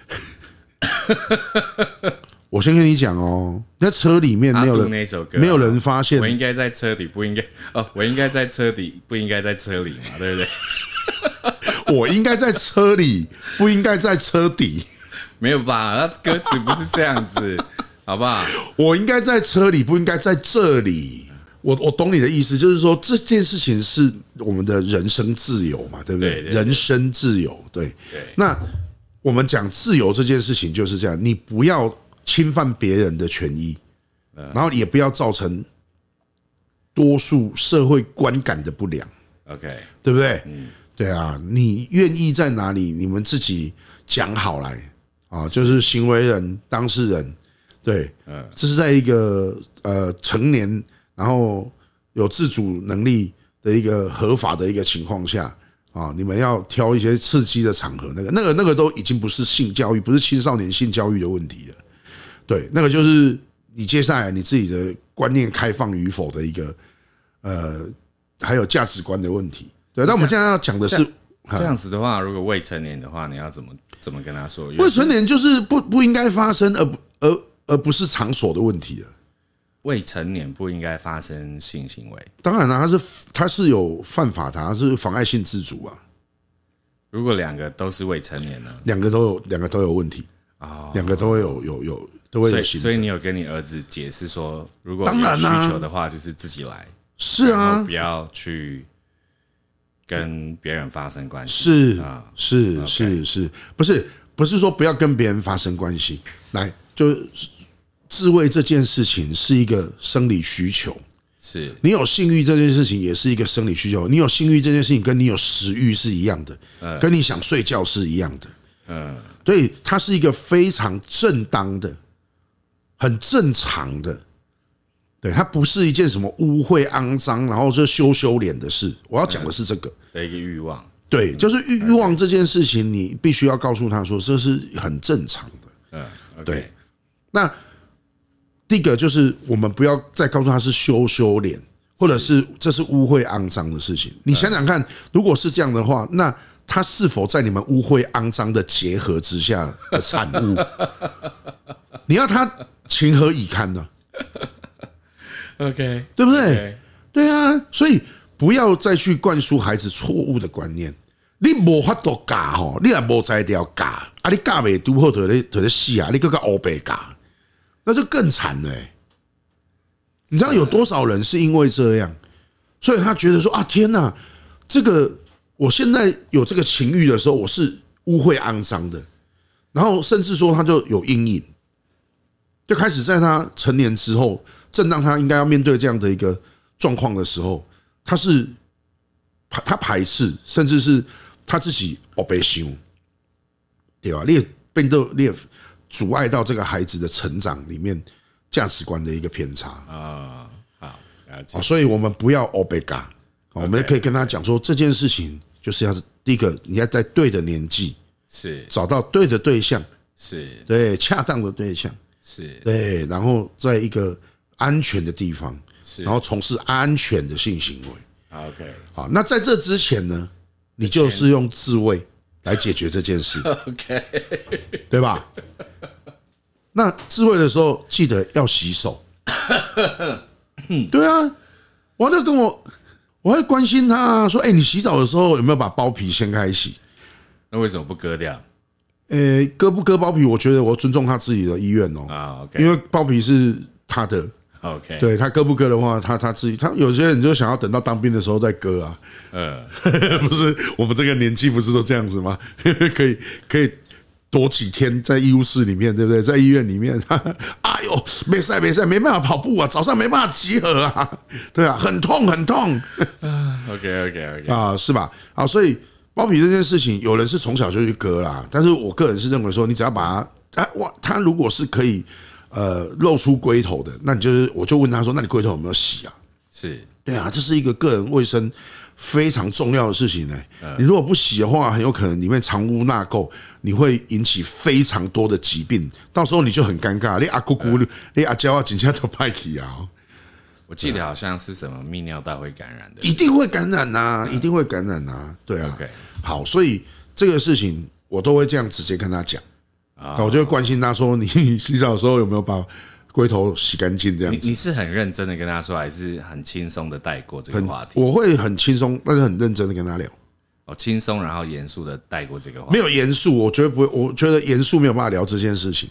[SPEAKER 2] [LAUGHS]
[SPEAKER 1] 我先跟你講哦，在車裡面沒有人，沒有人發現。我應
[SPEAKER 2] 該在車底，不應該哦。我應該在車底，不應該在車裡嘛，
[SPEAKER 1] 對不對？我應該在車裡，不應該在車底，沒有吧？那歌詞不是這樣子，好不好？我應該在車裡，不應該在這裡。我我懂你的意思，就是說這件事情是我們的人生自由嘛，對不對？人生自由，對對，那我們講自由這件事情就是這樣，你不要。侵犯別人的權益，然後也不要造成多數社會觀感的不良，
[SPEAKER 2] 嗯，OK，對不
[SPEAKER 1] 對？嗯，對啊。你願意在哪裡，你們自己講好來啊。就是行為人、當事人，對，嗯，這是在一個呃成年，然後有自主能力的一個合法的一個情況下啊。你們要挑一些刺激的場合，那個、那個、那個都已經不是性教育，不是青少年性教育的問題了。對，那個就是你接下來你自己的觀念開放與否的一個呃，還有價值觀的問題。對，那我們現在要講的是，這樣，這樣，啊，這樣
[SPEAKER 2] 子的話，如果未成年的話，你要怎麼怎麼跟他說？未成
[SPEAKER 1] 年就是不不應該發生而，而不而而不是場所的問題了。
[SPEAKER 2] 未成年不應該發生性行為。
[SPEAKER 1] 當然了，他是他是有犯法的，他是妨礙性自主啊。
[SPEAKER 2] 如果兩個都是未成年呢？
[SPEAKER 1] 兩個都有，兩個都有問題。兩個都會有，有有都會有性。所
[SPEAKER 2] 以，所以你有跟你兒子解釋說，如果有需求的話，就是自己來，
[SPEAKER 1] 啊、是啊，
[SPEAKER 2] 不要去跟別人發生關
[SPEAKER 1] 係、啊。是啊、okay，是是是，是不是不是說不要跟別人發生關係，來就自慰這件事情是一個生理需求，
[SPEAKER 2] 是你
[SPEAKER 1] 有性慾這件事情也是一個生理需求，你有性慾這件事情跟你有食慾是一樣的，跟你想睡覺是一樣的、呃，嗯。所以它是一個非常正當的、很正常的，對，它不是一件什麼污穢骯髒，然後這羞羞臉的事。我要講的是這個
[SPEAKER 2] 的一個慾望，
[SPEAKER 1] 對，就是慾望這件事情，你必須要告訴他說這是很正常的。
[SPEAKER 2] 嗯，
[SPEAKER 1] 對。那第一個就是我們不要再告訴他是羞羞臉，或者是這是污穢骯髒的事情。你想想看，如果是這樣的話，那。他是否在你們污穢骯髒的結合之下的產物？你要他情何以堪呢？啊？OK，對不對？對啊，所以不要再去灌輸孩子錯誤的觀念。你無法度教吼，你也無才調教啊，你教未拄好頭咧頭咧死啊，你更加烏白教，那就更慘嘞。你知道有多少人是因為這樣，所以他覺得說啊，天哪，啊，這個。我現在有這個情欲的時候，我是污穢骯髒的，然後甚至說他就有陰影，就開始在他成年之後，正當他應該要面對這樣的一個狀況的時候，他是他排斥，甚至是他自己烏白想對吧？列被列阻礙到這個孩子的成長裡面價值觀的一個偏差啊，
[SPEAKER 2] 好，所以我
[SPEAKER 1] 們不要烏白教我們也可以跟他講說，這件事情就是要第一個，你要在對的年紀，
[SPEAKER 2] 是找
[SPEAKER 1] 到對的對象，
[SPEAKER 2] 是
[SPEAKER 1] 對恰當的對象，
[SPEAKER 2] 是對，
[SPEAKER 1] 然後在一個安全的地方，是然後從事安全的性行為。OK，好，那在這之前呢，你就是用自慰來解決這件事。
[SPEAKER 2] OK，對
[SPEAKER 1] 吧？那自慰的時候記得要洗手。對啊，我就跟我。我會關心他、啊，說：“哎，你洗澡的時候有沒有把包皮掀開洗？
[SPEAKER 2] 那為什麼不割掉？哎、
[SPEAKER 1] 欸，割不割包皮？我覺得我尊重他自己的意願哦。因為包皮是他的。OK，對他割不割的話，他他自己，他有些人就想要等到當兵的時候再割啊。呃不是，我們這個年紀不是都這樣子嗎？可以，可以。”多幾天在醫務室裡面，對不對？在醫院裡面，哎呦，沒事沒事，沒辦法跑步啊，早上沒辦法集合啊，對啊，很痛很痛。OK OK OK 啊，是吧？啊，所以包皮這件事情，有人是從小就去割啦，但是我個人是認為說，你只要把它，啊，我他如果是可以，呃，露出龜頭的，那你就是，我就問他說，那你龜頭有沒有洗啊？是對啊，這是一個個人衛生。非常重要的事情呢、欸，你如果不洗的話，很有可能裡面藏污納垢，你會引起非常多的疾病，到時候你就很尷尬。你阿姑姑、你阿嬌啊，警察都派起啊！
[SPEAKER 2] 我記得好像是什麼泌尿道會感染
[SPEAKER 1] 的，一定會感染吶、啊，一定會感染吶、啊，對啊。好，所以這個事情我都會這樣直接跟他講啊，我就會關心他說你洗澡的時候有沒有把。龜頭洗乾淨這樣子，你是很認
[SPEAKER 2] 真的跟他說，還是很輕鬆的帶過這個話題？
[SPEAKER 1] 我會很輕鬆，但是很認真的跟他聊。
[SPEAKER 2] 哦，輕鬆然後嚴肅的帶過這個話題，沒有
[SPEAKER 1] 嚴肅，我覺得不會，我覺得嚴肅沒有辦法聊這件事情。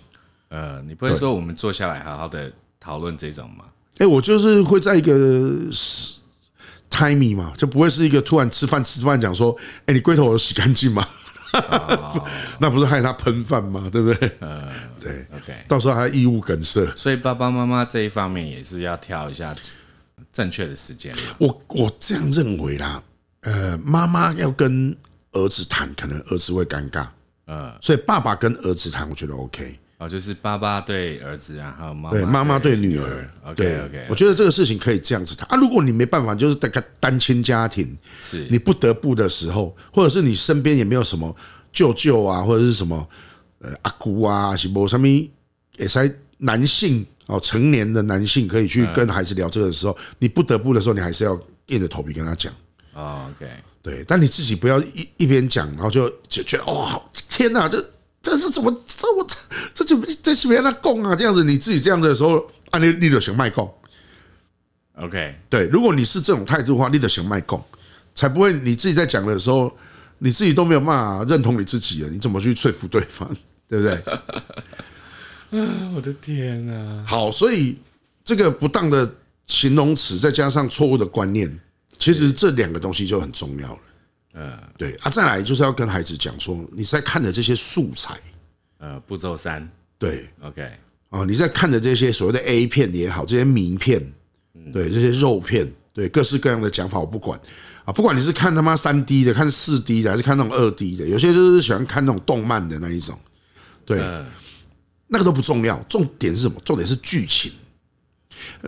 [SPEAKER 1] 呃，你不會
[SPEAKER 2] 說我們坐下來好好的討論這種嗎？
[SPEAKER 1] 哎，我就是會在一個 timing 嘛，就不會是一個突然吃飯吃飯講說，哎，你龜頭有洗乾淨嗎？ [LAUGHS] 那不是害他噴飯嗎？對不對，對、呃？對，OK。到時候還異物梗塞，
[SPEAKER 2] 所以爸爸媽媽這一方面也是要挑一下正確的時間。
[SPEAKER 1] 我我這樣認為啦，呃，媽媽要跟兒子談，可能兒子會尷尬，嗯，所以爸爸跟兒子談，我覺得 OK。
[SPEAKER 2] 哦、oh,，就是爸爸對兒子、啊，還有媽對媽媽對女兒。OK OK，, okay, okay. 對，我覺得
[SPEAKER 1] 這個事情可以這樣子談啊。如果你沒辦法，就是單單親家庭，是你不得不的時候，或者是你身邊也沒有什麼舅舅啊，或者是什麼呃阿姑啊，是沒什麼什麼，也才男性哦，成年的男性可以去跟孩子聊這個的時候，你不得不的時候，你還是要硬着頭皮跟他講。Oh, OK，對，但你自己不要一一邊講，然後就就覺得哦天哪、啊、這。這是怎麼？這我這這就這是沒讓他供啊！這樣子你自己這樣子的時候，啊，你你得想賣供。OK，對，如果你是這種態度的話，你得想賣供，才不會你自己在講的時候，你自己都沒有辦法認同你自己啊！你怎麼去說服對方？對不對？啊，我的天啊！好，所以這個不當的形容詞，再加上錯誤的觀念，其實這兩個東西就很重要了。呃，對啊，再來就是要跟孩子講說，你在看的這些素材，呃，步驟三，對，OK，哦，你在看的這些所謂的 A 片也好，這些謎片，對，這些肉片，對，各式各樣的講法我不管啊，不管你是看他媽三 D 的，看四 D 的，還是看那種二 D 的，有些就是喜歡看那種動漫的那一種，對，那個都不重要，重點是什麼？重點是劇情，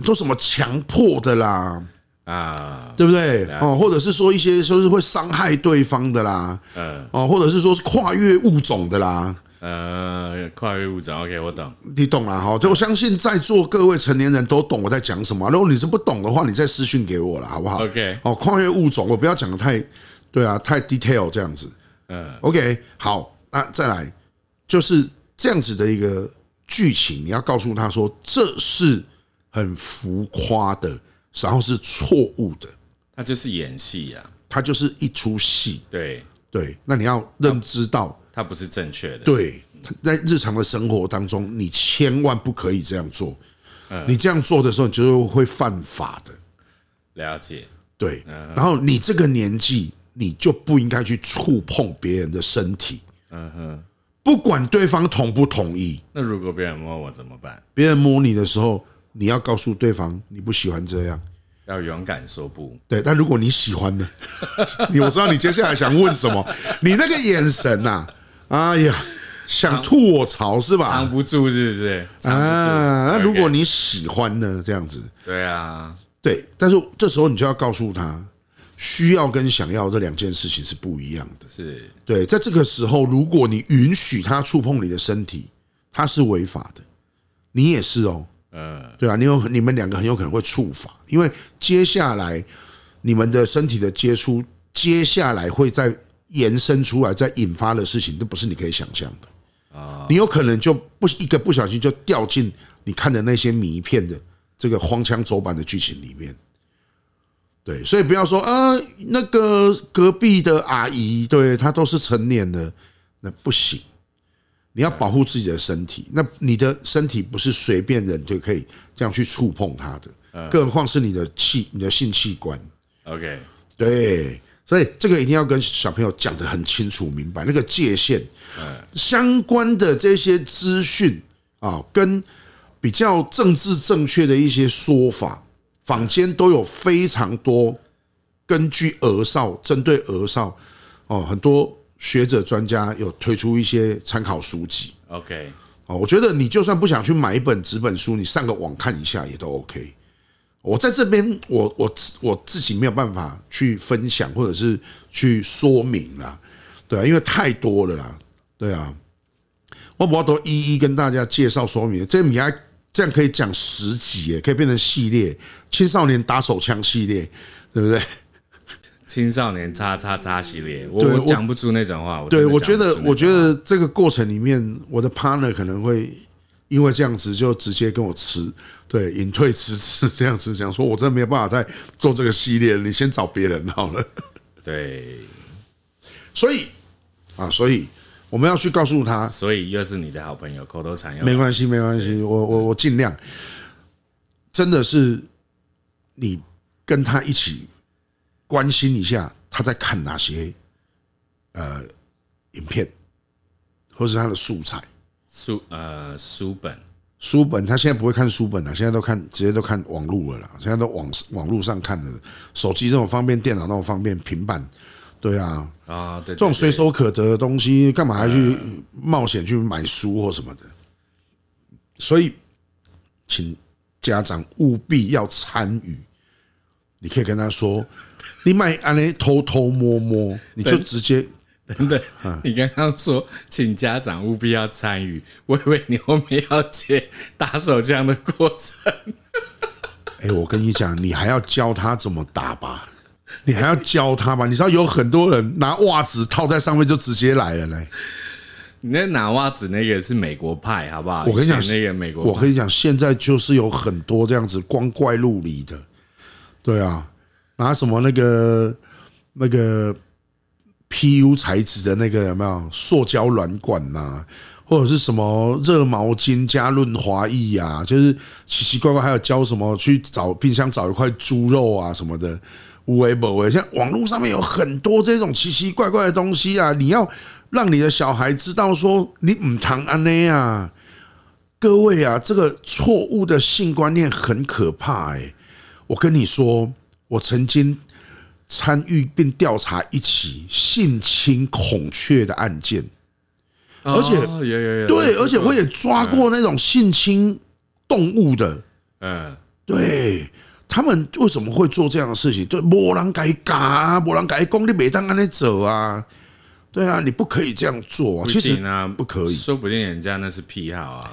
[SPEAKER 1] 都什麼強迫的啦。啊，對不對？哦，或者是說一些說是會傷害對方的啦，
[SPEAKER 2] 嗯，
[SPEAKER 1] 哦，或者是說是跨越物種的啦，
[SPEAKER 2] 啦，呃，嗯，跨越物種，OK，我懂，
[SPEAKER 1] 你懂了哈。就我相信在座各位成年人都懂我在講什麼啊。如果你是不懂的話，你再私訊給我了，好不好？OK，哦，跨越物種，我不要講的太，對啊，太 detail 這樣子，嗯，OK，好，那再來就是這樣子的一個劇情，你要告訴他說這是很浮誇的。然後是錯誤的，
[SPEAKER 2] 他就是演戲呀、
[SPEAKER 1] 啊，他就是一出戲。對對，那你要認知到，
[SPEAKER 2] 他不是正確的。對，
[SPEAKER 1] 在日常的生活當中，你千萬不可以這樣做。你這樣做的時候，你就會犯法的。
[SPEAKER 2] 了解。對。然後你
[SPEAKER 1] 這個年紀，你就不應該去觸碰別人的身體。嗯哼。不管對方同不同意。
[SPEAKER 2] 那如果別人摸我怎麼辦？
[SPEAKER 1] 別人摸你的時候。你要告訴對方，你不喜歡這樣，要勇敢說不。對，但如果你喜歡呢？你我知道你接下來想問什麼？你那個眼神吶、啊，哎呀，想吐我槽是吧？藏不住是不是？啊，那如果你喜歡呢？這樣子，對啊，對。但是這時候你就要告訴他，需要跟想要這兩件事情是不一樣的。是，對，在這個時候，如果你允許他觸碰你的身體，他是違法的，你也是哦。嗯，對啊，你有你們兩個很有可能會觸法，因為接下來你們的身體的接觸，接下來會再延伸出來，再引發的事情，都不是你可以想象的啊。你有可能就不一個不小心就掉進你看的那些迷片的這個荒腔走板的劇情裡面。對，所以不要說啊那個隔壁的阿姨，對她都是成年的，那不行。你要保護自己的身體，那你的身體不是隨便人就可以這樣去觸碰它的，更何況是你的器、你的性器官。OK，對，所以這個一定要跟小朋友講得很清楚、明白那個界限。相關的這些資訊啊，跟比較政治正確的一些說法，坊間都有非常多根據兒少，針對兒少哦很多。學者專家有推出一些參考書籍，OK，哦，我覺得你就算不想去買一本紙本書，你上個網看一下也都 OK。我在這邊，我我我自己沒有辦法去分享或者是去說明啦，對啊，因為太多了啦，對啊，我不要多一一跟大家介紹說明，這米愛這樣可以講十集，耶，可以變成系列，《青少年打手槍系列》，對不對？青少年叉叉叉
[SPEAKER 2] 系列，我我講不出那種話。對，我覺得，我覺得
[SPEAKER 1] 這個過程裡面，我的 partner 可能會因為這樣子，就直接跟我辭，對，隱退辭職這樣子，講說，我真的沒有辦法再做這個系列，你先找別人好了。對，所以啊，所以我們要去告訴他，所以又是你的好
[SPEAKER 2] 朋友，口頭禪要沒關係，
[SPEAKER 1] 沒關係，我我我盡量，真的是你跟他一起。關心一下，他在看哪些，呃影片，或是他的素材、書呃書本、書本。他現在不會看書本了，現在都看直接都看網絡了啦。現在都網網絡上看的，手機這種方便，電腦那種方便，平板，對啊啊，這種隨手可得的東西，幹嘛還去冒險去買書或什麼的？所以，請家長務必要參與。你可以跟他說。你買安利偷偷摸摸，你就直接，等等。
[SPEAKER 2] 你剛剛說請家長務必要參與，我以為你後面要接打手這樣的過程。
[SPEAKER 1] 哎，我跟你講，你還要教他怎麼打吧？你還要教他吧？你知道有很多人拿襪子套在上面就直接來了嘞。
[SPEAKER 2] 你那拿襪子那個是美國派，好不好？我跟你講那個美國，我跟你
[SPEAKER 1] 講，現在就是有很多這樣子光怪陸離的，對啊。拿什麼那個那個 PU 材質的那個有沒有塑膠軟管吶、啊？或者是什麼熱毛巾加潤滑液呀？就是奇奇怪怪，還有教什麼去找冰箱找一塊豬肉啊什麼的？有的沒的！像網絡上面有很多這種奇奇怪怪的東西啊！你要讓你的小孩知道說你毋通按呢啊，各位啊，這個錯誤的性觀念很可怕誒、欸，我跟你說。我曾經參與並調查一起性侵孔雀的案件，而且
[SPEAKER 2] 有有有，對，而且我也
[SPEAKER 1] 抓過那種性侵動物的，嗯，
[SPEAKER 2] 對
[SPEAKER 1] 他們為什麼會做這樣的事情？對，勃然改啊，勃然改攻，你每當安尼走啊，對啊，你不可以這樣做，其實啊，
[SPEAKER 2] 啊、不可以，啊、說不定人家那是
[SPEAKER 1] 癖好啊。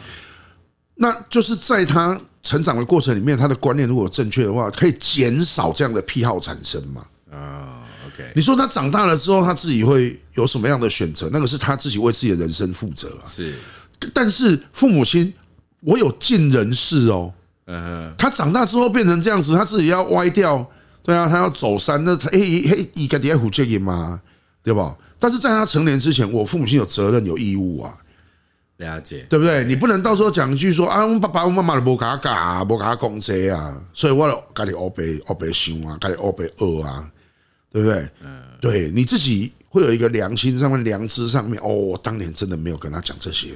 [SPEAKER 1] 那就是在他成長的過程裡面，他的觀念如果正確的話，可以減少這樣的癖好產生嘛？啊，OK。你說他長大了之後，他自己會有什麼樣的選擇？那個是他自己為自己的人生負責啊。是，但是父母親，我有盡人事哦。嗯，他長大之後變成這樣子，他自己要歪掉，對啊，他要走山，那他、欸、他他他得要負責嘛，對吧？但是在他成年之前，我父母親有責任有義務啊。了解，對不對？你不能到時候講一句說啊，我爸爸、我媽媽都無甲我講啊，無甲我講這啊，所以我家裡烏白烏白想啊，家裡烏白餓啊，啊，對不對？嗯，對，你自己會有一個良心上面、良知上面。哦，我當年真的沒有跟他講這些，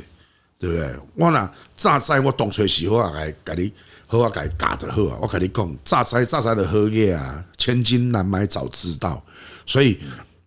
[SPEAKER 1] 對不對？我吶，早知，我當初時候啊，該甲你好，啊，該你教的好啊，我跟你講，早知、早知的好耶啊，千金難買早知道。所以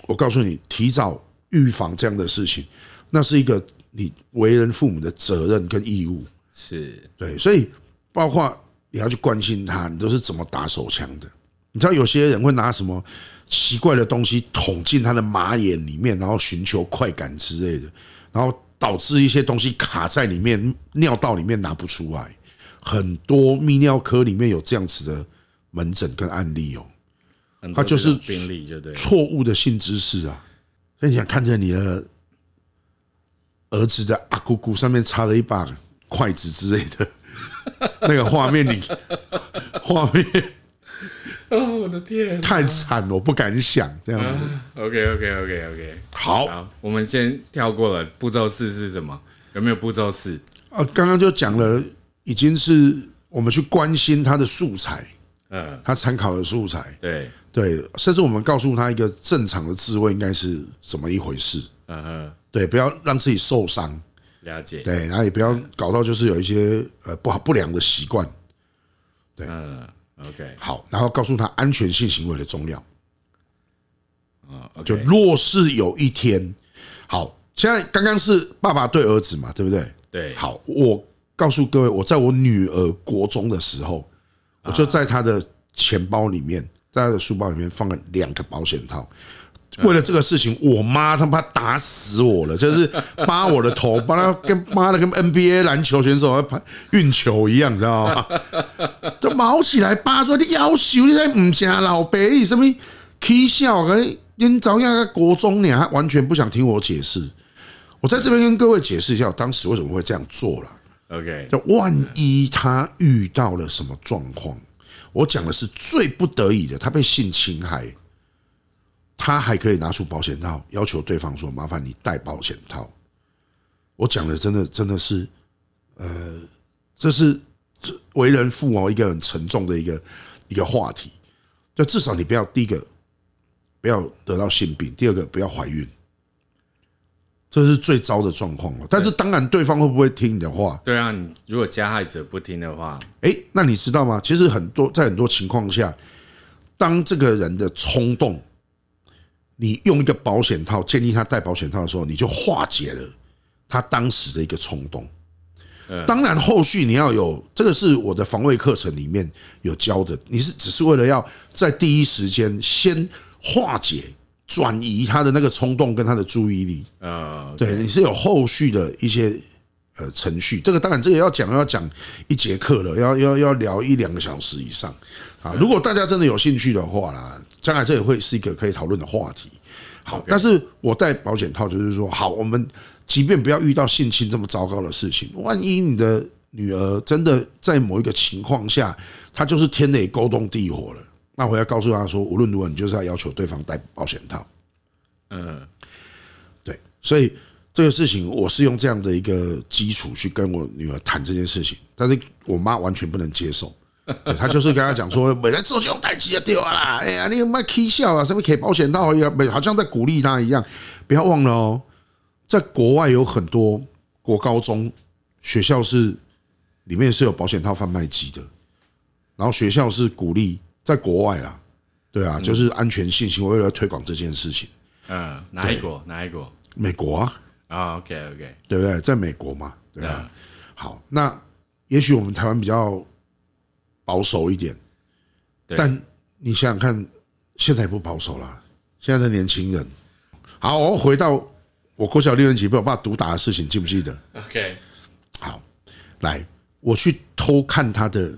[SPEAKER 1] 我告訴你，提早預防這樣的事情，那是一個。你為人父母的責任跟義務是對，所以包括你要去關心他，你都是怎麼打手槍的？你知道有些人會拿什麼奇怪的東西捅進他的馬眼裡面，然後尋求快感之類的，然後導致一些東西卡在裡面，尿道裡面拿不出來。很多泌尿科裡面有這樣子的門診跟案例哦，他就是病例，就對錯誤的性知識啊，所以你想看着你的。兒子的阿姑姑，上面插了一把筷子之類的，那個畫面裡，畫面，
[SPEAKER 2] 啊，我的天，太
[SPEAKER 1] 慘了，我不敢想這樣子。
[SPEAKER 2] OK，OK，OK，OK，好，我們先跳過了步驟四是什麼？有沒有步驟四？
[SPEAKER 1] 剛剛就講了，已經是我們去關心他的素材，他參考的素材，對對，甚至我們告訴他一個正常的自慰應該是怎麼一回事，嗯嗯。對，不要讓自己受傷。
[SPEAKER 2] 了解。對，然
[SPEAKER 1] 後也不要搞到就是有一些呃不好不良的習慣。對，嗯，OK。好，然後告訴他安全性行為的重要。就若是有一天，好，現在剛剛是爸爸對兒子嘛，對不對？對。好，我告訴各位，我在我女兒國中的時候，我就在她的錢包裡面，在她的書包裡面放了兩個保險套。為了這個事情，我媽他媽打死我了，就是扒我的頭，把她跟媽的跟 NBA 籃球選手要拍運球一樣，你知道嗎？就毛起來扒出來，要求你在唔成老伯，什麼取笑，跟你早壓在國中，你還完全不想聽我解釋。我在這邊跟各位解釋一下，我當時為什麼會這樣做了。OK，就萬一他遇到了什麼狀況，我講的是最不得已的，他被性侵害。他還可以拿出保險套，要求對方說：“麻煩你戴保險套。”我講的真的真的是，呃，這是為人父母一個很沉重的一個一個話題。就至少你不要第一個不要得到性病，第二個不要懷孕，這是最糟的狀況了。但是當然，對方會不會聽你的話？
[SPEAKER 2] 對啊，你如果加害者不聽的話，
[SPEAKER 1] 哎，那你知道嗎？其實很多在很多情況下，當這個人的衝動。你用一個保險套，建議他戴保險套的時候，你就化解了他當時的一個衝動。當然後續你要有這個是我的防衛課程裡面有教的，你是只是為了要在第一時間先化解、轉移他的那個衝動跟他的注意力啊。對，你是有後續的一些呃程序，這個當然這個要講要講一節課了，要要要聊一兩個小時以上啊。如果大家真的有興趣的話啦。將來這也會是一個可以討論的話題。好、okay，但是我戴保險套，就是說，好，我們即便不要遇到性侵這麼糟糕的事情，萬一你的女兒真的在某一個情況下，她就是天雷勾動地火了，那我要告訴她說，無論如何，你就是要要求對方戴保險套。嗯，對，所以這個事情，我是用這樣的一個基礎去跟我女兒談這件事情，但是我媽完全不能接受。他就是跟他講說，每來做這種代機就對了啦，哎呀，你買 K 笑啊，什麼 K 保險套呀，好像在鼓勵他一樣。不要忘了哦、喔，在國外有很多國高中學校是裡面是有保險套販賣機的，然後學校是鼓勵，在國外啦，對啊，就是安全性我為了推廣這件事情。啊、嗯，哪一國？哪一國？美國啊、哦。啊，OK OK，對不對？在美國嘛，對啊。嗯、好，那也許我們台灣比較。保守一點，但你想想看，現在也不保守了。現在的年輕人，好，我回到我國小六年級被我爸毒打的事情，記不記得？OK，好，來，我去偷看他的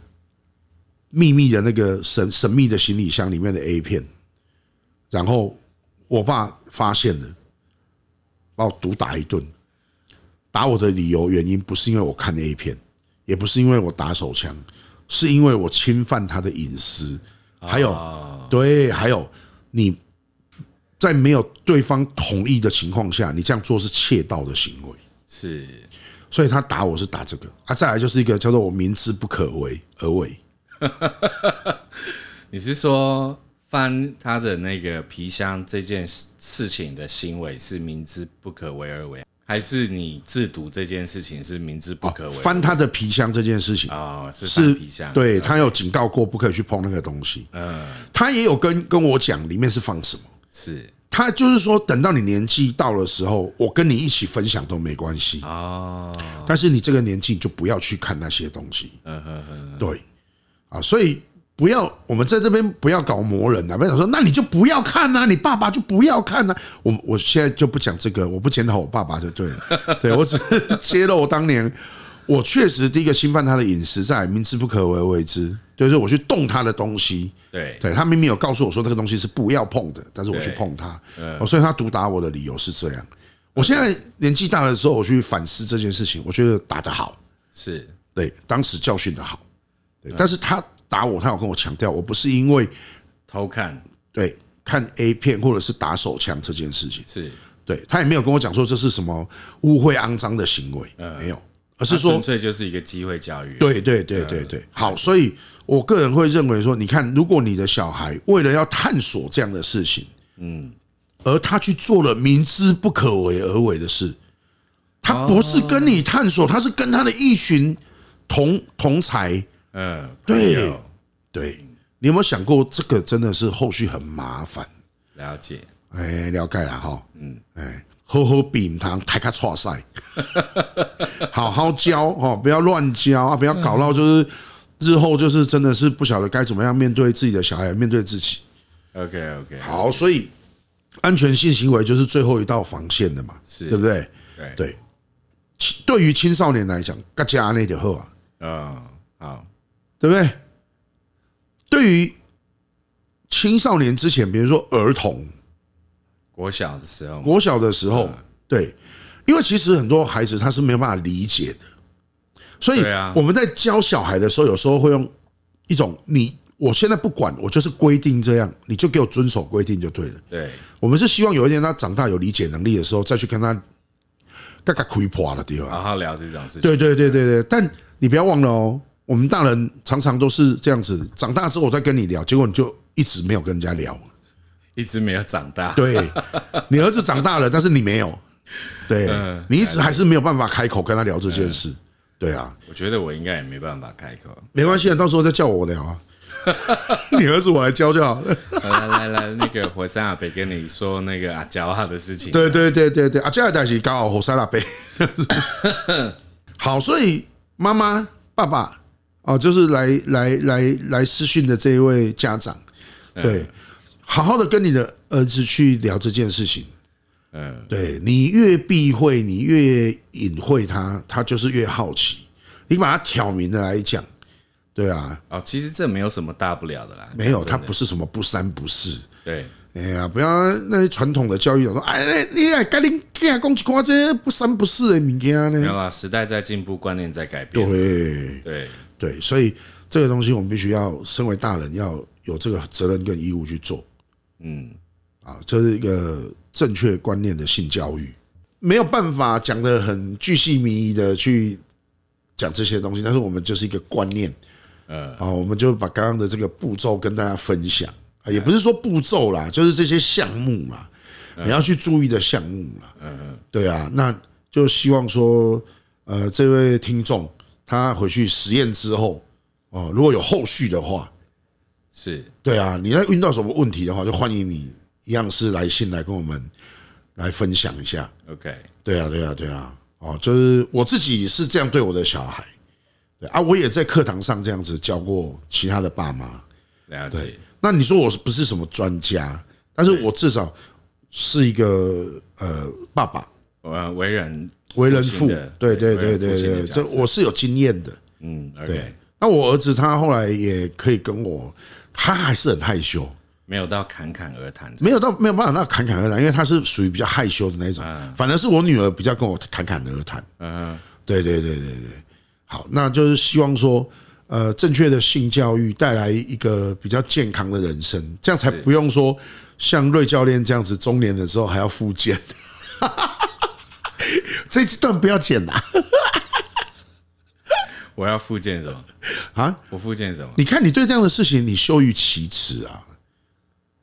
[SPEAKER 1] 秘密的那個神神秘的行李箱裡面的 A 片，然後我爸發現了，把我毒打一頓。打我的理由原因不是因為我看 A 片，也不是因為我打手槍。是因為我侵犯他的隱私，還有對，還有你在沒有對方同意的情況下，你這樣做是竊盜的行為，是，所以他打我是打這個啊。再來就是一個叫做我明知不可為而為。
[SPEAKER 2] 你是說翻他的那個皮箱這件事情的行為是明知不可為而為？還是你自瀆這件事情是明知
[SPEAKER 1] 不可為？哦，翻他的皮箱這件事情啊，是翻皮箱，對他有警告過，不可以去碰那個東西。嗯，他也有跟跟我講，裡面是放什麼？是他就是說，等到你年紀到的時候，我跟你一起分享都沒關係啊。但是你這個年紀就不要去看那些東西。嗯，
[SPEAKER 2] 對，
[SPEAKER 1] 啊，所以。不要，我們在這邊不要搞魔人啊！不想說，那你就不要看吶、啊，你爸爸就不要看吶、啊。我我現在就不講這個，我不檢討我爸爸就對了。對，我只是揭露我當年我確實第一個侵犯他的隱私，在明知不可為而為之，就是我去動他的東西。對，對他明明有告訴我說這個東西是不要碰的，但是我去碰他。所以他毒打我的理由是這樣。我現在年紀大的時候，我去反思這件事情，我覺得打得好，是對當時教訓的好。對，但是他。打我，他有跟我強調，我不是因為偷看，對，看 A 片或者是打手槍這件事情，是對他也沒有跟我講說這是什麼污穢骯髒的行為，沒有，而是說
[SPEAKER 2] 純粹就是一個機會教育。對對對對對，對，
[SPEAKER 1] 好，所以我個人會認為說，你看，如果你的小孩為了要探索這樣的事情，嗯，而他去做了明知不可為而為的事，他不是跟你探索，他是跟他的一群同同儕。嗯，對對，你有沒有想過這個真的是後續很麻煩？
[SPEAKER 2] 了
[SPEAKER 1] 解，哎，了解了哈，嗯，哎，喝喝餅糖，開開窗曬，好好教哦，喔，不要亂教啊，不要搞到就是日後就是真的是不曉得該怎麼樣面對自己的小孩，面對自己。OK OK，好，所以安全性行為就是最後一道防線的嘛，是，對不對？對，對於青少年來講，加那就喝啊，嗯，好。哦對不對？對於青少年之前，比如說兒童，國小的時候，國小的時候，對，因為其實很多孩子他是沒有辦法理解的，所以，我們在教小孩的時候，有時候會用一種你，我現在不管，我就是規定這樣，你就給我遵守規定就對了。對，我們是希望有一天他長大有理解能力的時候，再去跟他大概可以破的地方好好
[SPEAKER 2] 聊這種事情。對對
[SPEAKER 1] 對對對，但你不要忘了哦。我們大人常常都是這樣子，長大之後我再跟你聊，結果你就一直沒有跟人家聊，
[SPEAKER 2] 一直沒有長大。對，
[SPEAKER 1] 你兒子長大了，但是你沒有。對，你一直還是沒有辦法開口跟他聊這件事。對啊，
[SPEAKER 2] 我覺得我應該也沒辦法開口。
[SPEAKER 1] 沒關係啊，到時候再叫我聊啊。你兒子我來教就好。
[SPEAKER 2] 來來來，那個火山阿北跟你說那個阿嬌啊的事情。對
[SPEAKER 1] 對對對對，阿嬌的事情剛好火山阿北。好，所以媽媽爸爸。哦，就是來來來來私訊的這一位家長，對，好好的跟你的兒子去聊這件事情。嗯，對你越避諱，你越隱晦，他他就是越好奇。你把它挑明的來講，對啊，
[SPEAKER 2] 啊，其實這沒有什麼大不了的
[SPEAKER 1] 啦。沒有，他不是什麼不三不四。對，哎呀，不要那些傳統的教育者說，哎，你看，趕緊，趕快講幾句話，這些不三不四的物件呢？沒有啊，時代
[SPEAKER 2] 在進步，觀念在改
[SPEAKER 1] 變。對，對。對，所以這個東西我們必須要身為大人要有這個責任跟義務去做，嗯，啊，這是一個正確觀念的性教育，沒有辦法講得很巨細靡遺的去講這些東西，但是我們就是一個觀念，嗯，啊，我們就把剛剛的這個步驟跟大家分享，也不是說步驟啦，就是這些項目嘛，你要去注意的項目啦，嗯嗯，對啊，那就希望說，呃，這位聽眾。他回去實驗之後，哦，如果有後續的話，
[SPEAKER 2] 是
[SPEAKER 1] 對啊。你要遇到什麼問題的話，就歡迎你一樣是來信來跟我們來分享一下。OK，對啊，對啊，對啊。哦，就是我自己是這樣對我的小孩，對啊，我也在課堂上這樣子教過其他的爸媽。對，那你說我不是什麼專家，但是我至少是一個呃爸爸，
[SPEAKER 2] 我為人。為人父，父，對對對對對，對，這我是
[SPEAKER 1] 有經驗的。嗯，對。那我兒子他後來也可以跟我，他還是很害羞，
[SPEAKER 2] 沒有到侃侃而談。
[SPEAKER 1] 沒有到沒有辦法，那侃侃而談，因為他是屬於比較害羞的那種。反而是我女兒比較跟我侃侃而談。嗯，對對對對對。好，那就是希望說，呃，正確的性教育帶來一個比較健康的人生，這樣才不用說像 Ray 教練，這樣子，中年的時候還要復健。 [LAUGHS] 這一段不要剪啦！
[SPEAKER 2] 我要復健什麼？啊，我復健什麼？
[SPEAKER 1] 你看，你對這樣的事情，你羞於啟齒啊！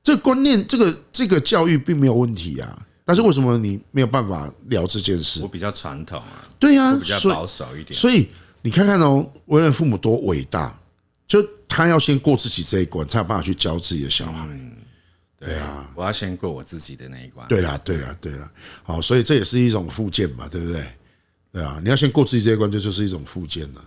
[SPEAKER 1] 這個觀念，這個這個教育並沒有問題啊，但是為什麼你沒有辦法聊這件事？我比較傳統啊，對啊，比較保守一點。所以你看看哦，為人父母多偉大，就他要先過自己這一關，他有辦法去教自己的小孩。
[SPEAKER 2] 對啊，我要先過我自己的那一關。對啦，對啦，
[SPEAKER 1] 對啦。好，所以這也是一種復健嘛，對不對？對啊，你要先過自己這一關，這就是一種復健了。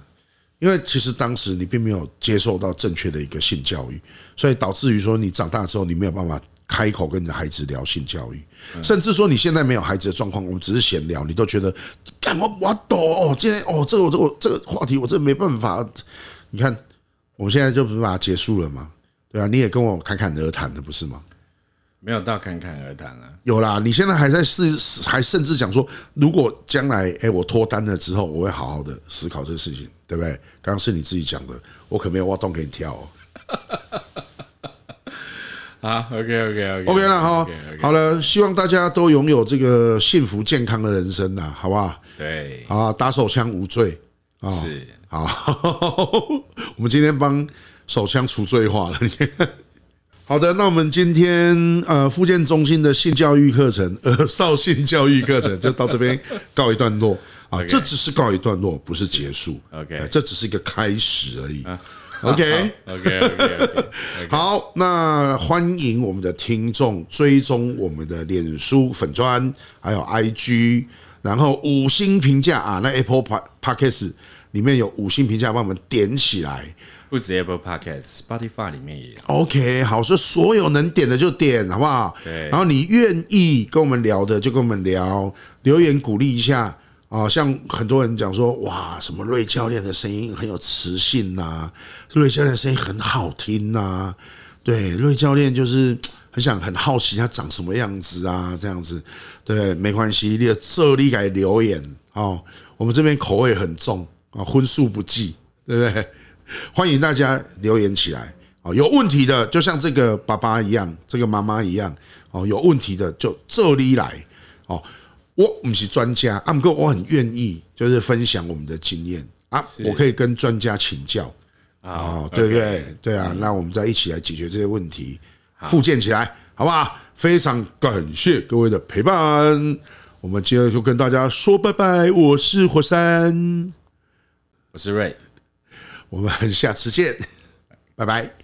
[SPEAKER 1] 因為其實當時你並沒有接受到正確的一個性教育，所以導致於說你長大之後，你沒有辦法開口跟你的孩子聊性教育，甚至說你現在沒有孩子的狀況，我們只是閒聊，你都覺得幹嘛我躲哦，今天哦、oh，這個我這個我這個話題我這個沒辦法。你看我們現在就不是把它結束了嗎？對啊，你也跟我侃侃而談的不是嗎？
[SPEAKER 2] 沒有到侃侃而談了。
[SPEAKER 1] 有啦，你現在還在是還甚至講說，如果將來，哎，我脫單了之後，我會好好的思考這個事情，對不對？剛剛是你自己講的，我可沒有挖洞給你跳哦。
[SPEAKER 2] 好，OK，OK，OK，OK 了哈，好
[SPEAKER 1] 了，希望大家都擁有這個幸福健康的人生吶，好不好？
[SPEAKER 2] 對，
[SPEAKER 1] 啊，打手槍無罪啊，是好，我們今天幫手槍除罪化了。好的，那我們今天呃，腹賤中心的性教育課程，呃，兒少性教育課程就到這邊告一段落啊。這只是告一段落，不是結束。OK，這只是一個開始而已。OK，OK，OK，好，那歡迎我們的聽眾追蹤我們的臉書粉專，還有 IG，然後五星評價啊。那 Apple Podcast 裡面有五星評價，幫我們點起來。
[SPEAKER 2] 不止 Apple Podcast，Spotify 裡面也
[SPEAKER 1] 有。OK，好，說所，所有能點的就點，好不好？對。然後你願意跟我們聊的就跟我們聊，留言鼓勵一下啊、哦。像很多人講說，哇，什麼 Ray 教練的聲音很有磁性吶、啊，Ray 教練聲音很好聽吶、啊。對，Ray 教練就是很想很好奇他長什麼樣子啊，這樣子。對，沒關係，你的這裡的留言哦，我們這邊口味很重啊，葷素不忌，對不對？歡迎大家留言起來哦！有問題的，就像這個爸爸一樣，這個媽媽一樣哦。有問題的就這裡來哦。我不是專家，啊不過我很願意，就是分享我們的經驗啊。哦、我可以跟專家請教啊、哦，對不對、okay、對啊。那我們再一起來解決這些問題，復健起來，好不好？非常感謝各位的陪伴，我們接着就跟大家說拜拜。我是火山，我是瑞。我們下次見，拜拜。